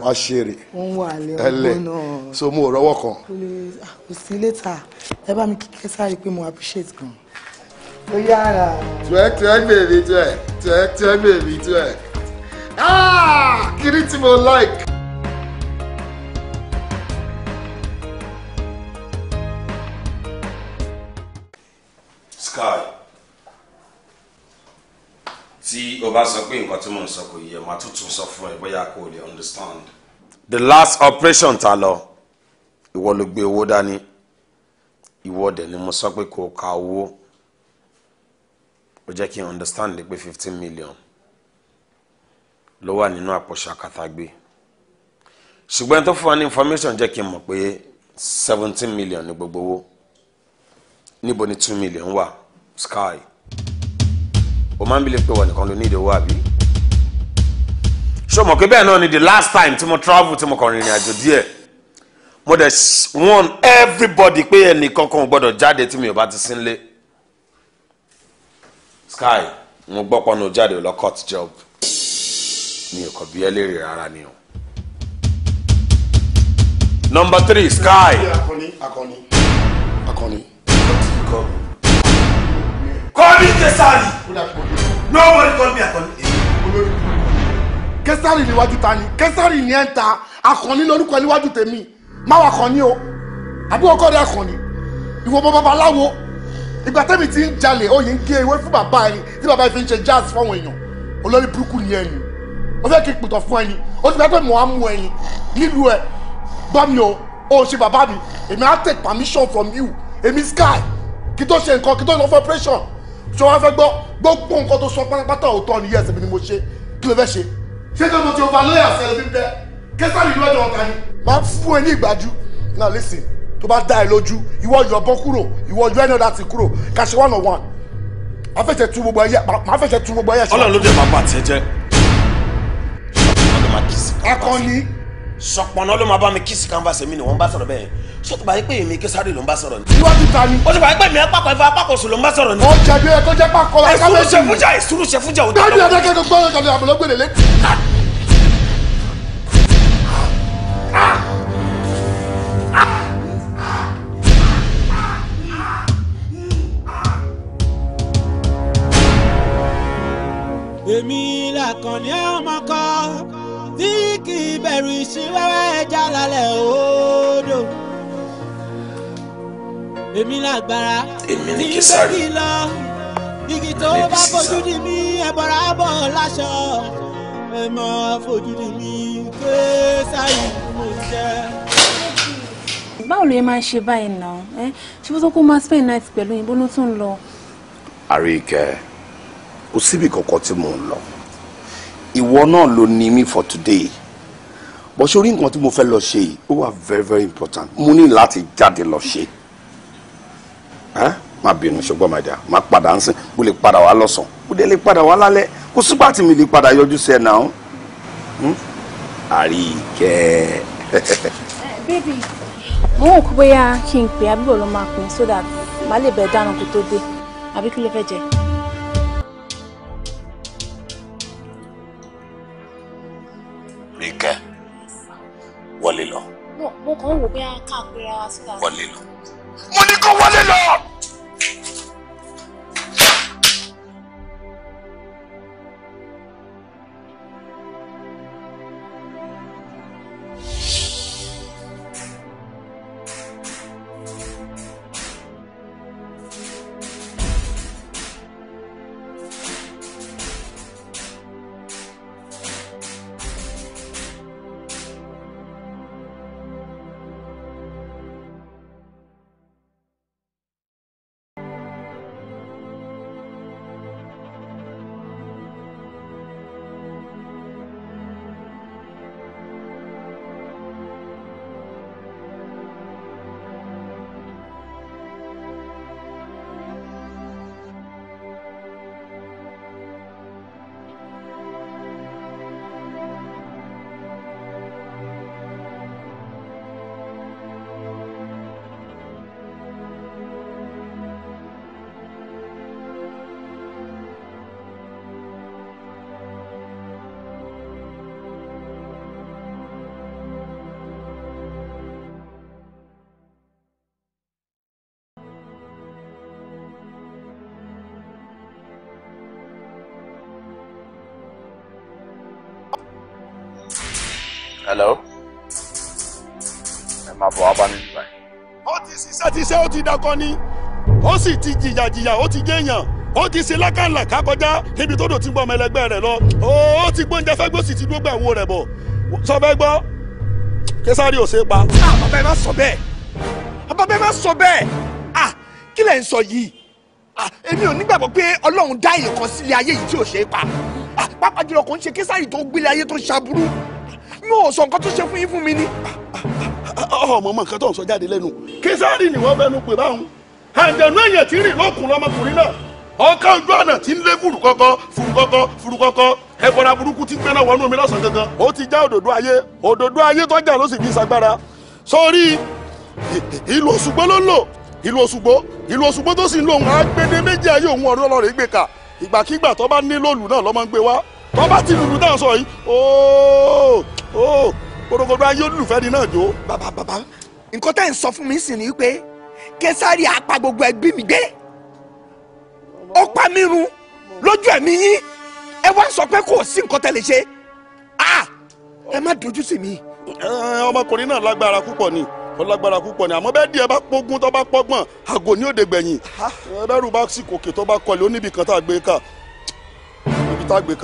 wa ṣeré ẹlẹ so mo rọwọ́ kan. kò sí létà ẹ bá mi kíkẹ́ sáré pé mo appreciate gan. ó yára. tuẹ tuẹ bèbí tuẹ tuẹ tuẹ bèbí tuẹ kiri tí mo like. Sky tí o bá sọ pé nǹkan tí mò ń sọ kò yẹ màá tuntun sọ fún ẹ bóyá kò lè understand. the last operation ta lọ ìwọ ló gbé owó dání ìwọ dẹ̀ ni mo sọ pé kò ka owó ó jẹ́ kí n understand pé fifteen million ló wà nínú àpò ṣàkàtàgbé ṣùgbọ́n tó fún wa ní information jẹ́ kí n mọ̀ pé seventeen million ní gbogbo owó níbo ni two million wà sky o máa ń bìlẹ̀ pé wọ́n nìkan ló ní ìdè owó àbí. ṣó mọ̀ náà ni the last time tí mo travel tí mo kàn rìnrìn àjò díẹ̀ mo dẹ̀ warn everybody pé ẹnìkan kan ò gbọ́dọ̀ jáde tí mi ò bá ti sí nílé. sky mo gbọ́ pọ́nú jáde lọ court job mi ò kọ̀ bí ẹ léèrè rárá ni o. number three sky. akọni akọni akọni. akọni call me kesari nobody call me akọni. kesari níwájú ta ni kesari ni ẹ ń ta akọni lórúkọ níwájú tèmi má wà kọni o àbí wọn kọ́ ni akọni ìwọ bọ babaláwo ìgbà tẹ́mi ti ń jalè ó yìí ń gé ewé fún bàbá yẹn tí bàbá yẹn fi ń ṣe jazz fáwọn èèyàn olórí burúkú ni ẹni ó fẹ́ kí n pìtàn fún ẹni ó ti fẹ́ pé mò ń mú ẹni nílùú ẹ gbọ́ mi o ó ṣe bàbá mi èmi á take permission from you èmi sky kí tó ṣe nǹkan kí tó lọ fún operation ṣé wọ́n fẹ́ gbọ́ gbogbo nǹkan tó sọ pátápátá òótọ́ ni yẹ́sẹ̀ mi ni mo ṣe kí ló fẹ́ ṣe. ṣé kí mo ti ova lóyè àṣẹ ẹbí bẹ kẹsàn-án ìlú ẹ̀dọ̀ ọ̀tá ni. máa ń fún ẹ ní ìgbájú náà listen tó bá dá ẹ lójú ìwọ yọ bọ́ kúrò ìwọ yọ ẹni ọ̀dà ti kúrò ká ṣe one on one máa fẹsẹ̀ tu gbogbo ẹyẹ máa fẹsẹ̀ tu gbogbo ẹyẹ ṣe. ọlọ́run ló dé máa bá tiẹ̀ jẹ́ akọni sọpọnà ló máa bá mi kíìsì canvas mi ni wọn bá sọ̀rọ̀ bẹ́ẹ̀ so tó bá yẹ pé èmi késàrè ló ń bá sọ̀rọ̀ ni. iwájú ta ni. o tó bá yẹ pé èmi apákọ ẹfọ apákọ sùn ló ń bá sọ̀rọ̀ ni. ọjà bí ẹ kó jẹ pàkọ la ká bẹ sí. ìṣúrù ṣẹfújà ìṣúrù ṣẹfújà òjò lọ. gbọdọ kàdé àbúrò gbèdé lé. èmi làkàn ní ọmọ ẹrù ìsín wẹ́wẹ́ ẹja lálẹ́ odò èmi lágbára ní bẹ́ẹ̀kì lọ igi tó bá fojú di mí ẹ̀bọ̀rà bọ̀ láṣọ ẹ máa fojú di mí ké sáyé mo jẹ́. báwo ló yẹ máa ṣe báyìí náà ẹ ṣé bó tó kó máa spend night pẹ̀lú yìnbó ló tún lọ. àríkẹ́ kò síbi kankan tí mò ń lọ ìwọ náà ló ní mi for today bó ṣe orí nǹkan tí mo fẹ́ lọ ṣe yìí ó wà very very important mo ní láti jáde lọ ṣe má bínú ṣùgbọ́n má dà má padà ń sìn mo lè padà wá lọ́sàn mo dé lè padà wá lálẹ́ kó sígbà tí mi lè padà yọjú sí ẹ náà hmm? Àríkẹ́. bébì mo ń kú bóyá kí n pè abíbọ̀ ló máa pín so that màá lè bẹ̀ dáná kó tó dé àbí kí ló fẹ́ jẹ. kàn wò bí a kà pé ara wọlé lọ mo ní kó wọlé lọ. hello ẹ máa bọ̀ wá bá mi nígbà yìí. ó ti ṣiṣẹ́ ti ṣe ó ti dakọ ni ó sì ti jìyàjìyà ó ti jẹ́yàn ó ti ṣe lákàlàkà kọjá níbi tó dò tí ń bọ́ ọmọ ẹlẹgbẹ́ rẹ̀ lọ ó ti gbóúnjẹ fẹ́ gbósì ti dúgbà wo rẹ̀ bọ̀ sọ fẹ́ gbọ́ késàrí ò ṣe pa. Ah, bàbá ẹ má sọ bẹ́ẹ̀ bàbá ẹ má sọ bẹ́ẹ̀ ah, kí lẹ̀ ń sọ yìí ah, èmi ò nígbàgbọ́ pé ọlọ́run dá èèyàn kan sílé ayé yìí tí ò ṣe é pa pàápàá jùlọ kò ń ṣe késàrí tó gbélé ayé tó ṣàbùrú mi ò sọ nǹkan tó ṣe fún yín fún mi ni. ọmọ ọmọ nǹkan tó ń sọ jáde lẹ́nu kísárì ni wọ́n fẹ́nu pè báwọn àjẹnú èèyàn ti rìn lókun lọmọkùnrin náà ọkọ ojú ọ̀nà tí ń lé furukọ́kọ́ furukọ́kọ́ furukọ́kọ́ ẹ̀fọ́ra burúkú ti gbẹ́nà wọnú omi lọ́sàn gangan ó ti já òdòdó ayé òdòdó ayé tó jà ló sì fi sagbára sórí ìlú Òṣùgbó ló lò ìlú Òṣùgbó ìlú Òṣùgbó tó sì ń lò ń agbede méjì ayé òun ọ̀rẹ́ ọlọ́rẹ̀ gbé ka ìgbàkigbà tó bá ní lóòlù náà lọ́mọ ń gbé wá tó bá ti lùlù náà sọ yìí ooo ó korokodo ayé olùfẹ́ ni náà jó. bàbá bàbá nǹkan tẹ́ ń sọ fún mi sì ni pé kẹsàrì apá gbogbo ẹbí mi gbé ó pa mí run lójú ẹ̀mí yín ẹ wá sọ pé kò sí nǹkan tẹ́ lè ṣe ẹ má dojú sí mi. ọmọkùnrin náà lágbára púpọ̀ ni ó lágbára púpọ̀ ni àmọ́ bẹ́ẹ̀ díẹ̀ bá pógun tó bá pọ́gbọ̀n àgò ní òde gbẹ̀yìn ẹlẹ́rù bá sì kòkè tó bá kọlẹ̀ ó tá a gbé ká ibi tá a gbé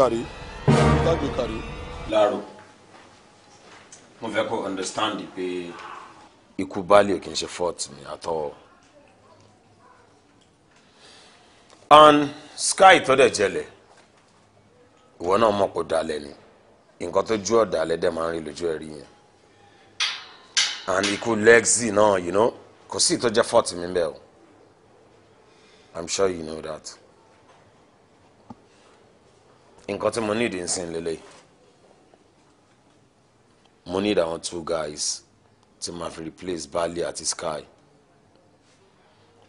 kàrí láàrú mo fẹ́ kó understand pé. ikú baálé ò kì í ṣe fault mi at all. and sky tó dẹ̀ jẹlẹ̀ ìwọ náà mọ̀ kó dalẹ̀ ni nǹkan tó ju ọ̀dàlẹ̀ dẹ̀ máa ń rí lójú ẹ̀ rí yẹn and ikú lexi náà you know kò sí ìtọ́jà fault mi bẹ́ẹ̀ o i'm sure you know that nǹkan tí mo need nsìn lélẹ́yìí mo need àwọn two guys to ma fi replace baálé àti sky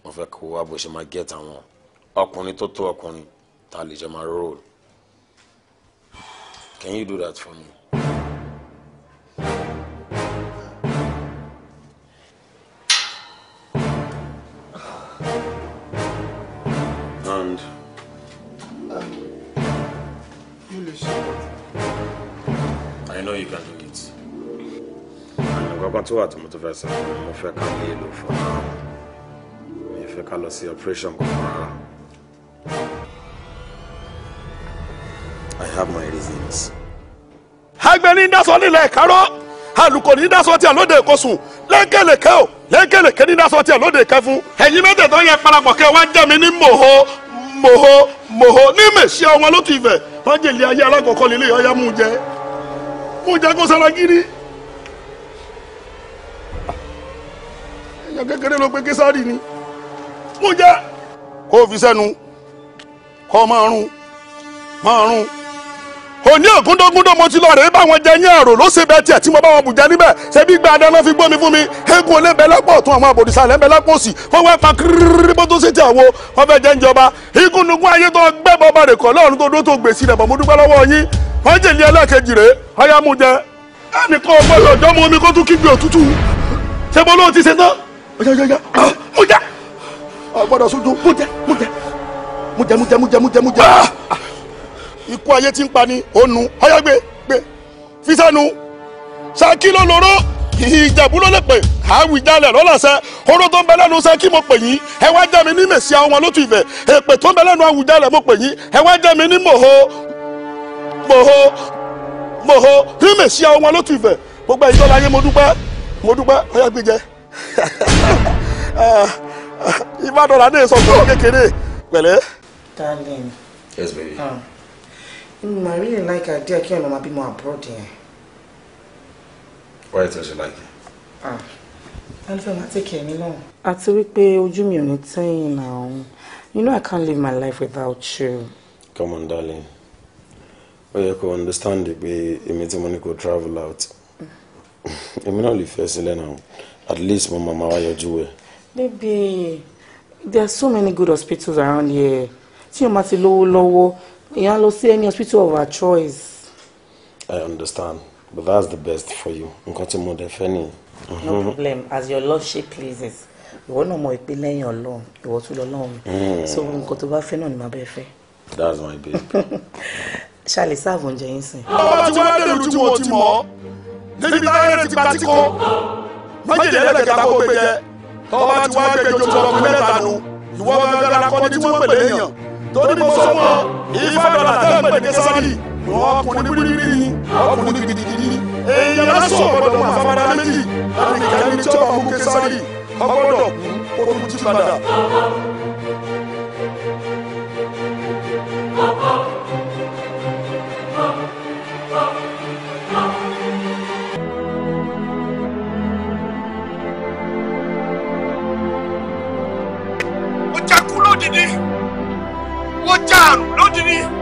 mo fẹ́ kó wá bó ṣe máa get àwọn ọkùnrin tó tó ọkùnrin ta lè jẹ́ máa role. can you do that for me. tó mo tó fẹ́ sọ fún mi mo fẹ́ ká ní èlò e fún mi mi fẹ́ ká lọ sí operation kankan I have my reasons. agbẹni dasọ nílẹ̀ kárọ́ alùkò ní dasọ tí a lóde èkó sùn lẹ́kẹ̀lẹ̀kẹ́ o lẹ́kẹ̀lẹ̀kẹ́ ní dasọ tí a lóde èkó fún. ẹ̀yin mẹ́tẹ̀ẹ̀tọ́ yẹ parapọ̀ kẹ́ wá jẹ́ mi ní mòho mòho mòho ní mèsì ọmọ lótú ìfẹ́ wọ́n jèlé ayé alákọ̀ọ́kọ́ lílé ọ̀yá mú jẹ mú jẹ kó sara gírí. èèyàn kékeré ló pé késàrì ni mo jẹ́ kó o fi sẹ́nu kọ́ máa rún máa rún òní ògúndógúndó mo ti lọ rèé báwọn jẹ yín àrò ló ṣe bẹ́ẹ̀ tiẹ̀ tí mo bá wọn bùjá níbẹ̀ ṣebí gba adáná fi gbómi fún mi eégún olè bẹ lápò ọ̀tún àwọn àbòrìṣà lẹ bẹ lápò òsì wọn wá fa kírírírí bó tó ṣe ti àwo wọn fẹẹ jẹ ìjọba igúnnugún ayé tó gbẹbọ ọba rẹ kọ lọrun tó dó tó gbèsè rẹ bọ mo dúpẹ́ lọ́wọ́ yín wọn jèlé ẹlẹ́ẹ̀kejì rèé ọyá mu ẹnìkan ọgbọlọjọ mu omi kó tún kígbe òtútù ṣe bó lóò ti ṣe ọjà ọjà ọjà mo jẹ ọgbọdọ sojú mo jẹ mo jẹ mo jẹ mo jẹ mo jẹ mo jẹ mo jẹ ah! ikú ayé tí ń pa ni ó nu ọyá gbé gbé fisanu saki ló lóró ìjẹ̀bú ló lè pè àwì jalè lọ́làṣẹ oró tó ń bẹ lẹ́nu saki mo pè yín ẹ wá jẹ́ mi ní mèsì àwọn ọmọ lótú ìfẹ́ èpè tó ń bẹ lẹ́nu àwì mo pè yín ẹ wá jẹ́ mi ní mòho mòho mòho ní mèsì àwọn ọmọ lótú ìfẹ́ gbogbo ẹ̀yin tó láyé mo dúpẹ́ mo dúpẹ́ ọyá gbé jẹ́. ìbádọ́ra náà sọ kékeré pẹ̀lẹ́. darling. yes baby. Um, I really like idea kí ọ̀nà máa bímọ abroad yẹn. why don't she like it. ah alifẹ́ máa tẹ̀kẹ̀ mi náà. àti wípé ojú mi ò ní tẹ́yìn náà you know I can't live my life without you. come on darling ó yẹ kó understand pé èmi tí mo ní kó travel out mm. èmi náà lè fẹ́ sílẹ̀ náà at least my mama wa yọjú baby there are so many good hospitals around here tí o máa ti lówó lọ́wọ́ èèyàn lọ sí any hospital of our choice. i understand but that's the best for you nǹkan tí mo dẹ fẹ́ nìyí. no mhm. problem as your lordship pleases ìwọ náà mọ ìpè lẹ́yìn Ọlọ́run ìwọ tún lọ lọ́run mm. so nǹkan tó bá fẹ́ náà ni màá bẹ fẹ́. that's my baby. ṣàlẹ̀ sáàbù oúnjẹ yín sìn. àwọn tí wọ́n á lè lù tí wọ́n ti mọ̀ níbi táyé ti pa májèlé ẹlẹ́kẹta kó gbé jẹ tọ́ba ti wá gbé jòjò ọkùnrin mẹ́ta nu ìwọ bá gbára kọ́ ní tí wọ́n pèlè èèyàn torí mo sọ wọn ìfá dọ́là tẹ́ pèlè sáré ọkùnrin bíríbírí ọkùnrin gidigidi èèyàn lásán ọ̀gbọ́dọ̀ mọ àfárá méjì láti kẹ́ni tí ọba mú kẹsàrì ọgbọ́dọ̀ kú kó tún jí padà. lódìdí wọ́n já àrùn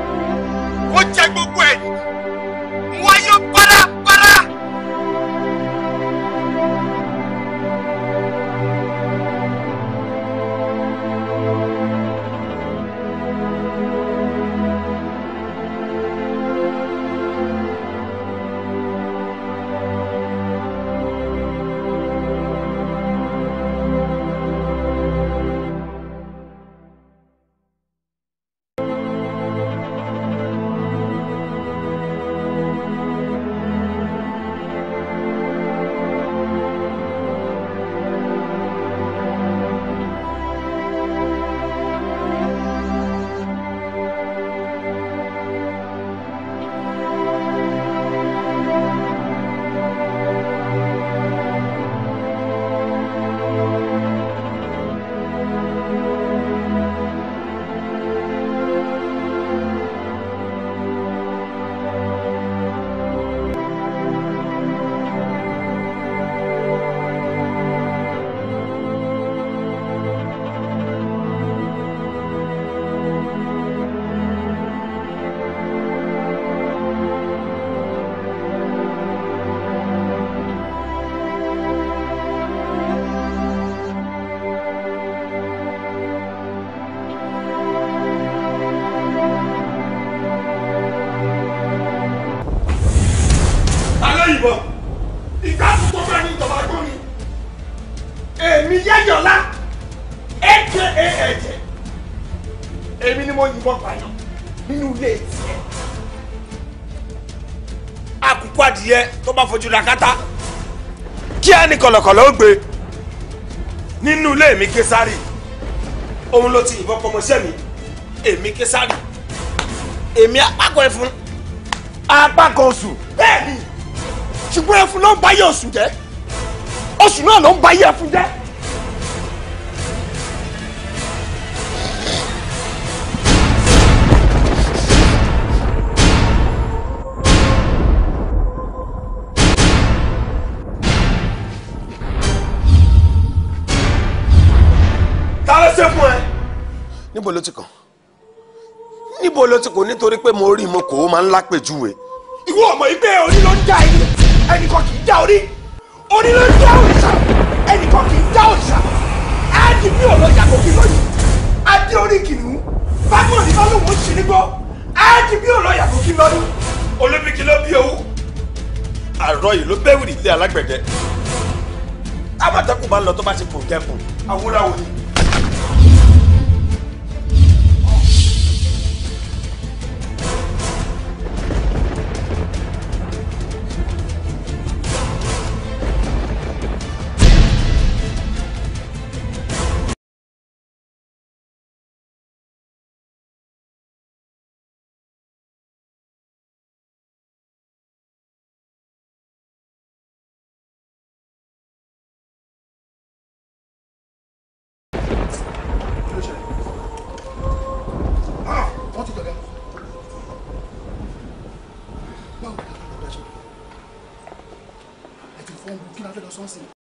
kọ̀lọ̀kọ̀lọ̀ ó gbé nínú ilé mi késárì òun ló ti yìnbọn pọmọṣẹ́ mi èmi késárì èmi apákan ẹfun apákan oṣù bẹ́ẹ̀ ni ṣùgbọ́n ẹfun ló ń báyé oṣù jẹ́ oṣù náà ló ń báyé ẹfun jẹ́ níbo ló ti kàn níbo ló ti kàn nítorí pé mo rí mo kò ó máa ń lápèjúwe. ìwọ ọmọ yìí orí ló ń já ẹni ẹnìkan kì í já orí orí ló ń já òrìṣà ẹnìkan kì í já òrìṣà á di bí ọlọ́jà kò kí lóyún á di orí kìnnìún bákan ní báwọn òun ṣì ní gbọ́ á di bí ọlọ́jà kò kí lọ́dún olóbi ló bí owó àrọ yìí ló bẹ́wìrì ilé alágbẹ̀dẹ àbájákùn máa ń lọ tó bá ti kò jẹ́ àwòrán wo 它这个双十一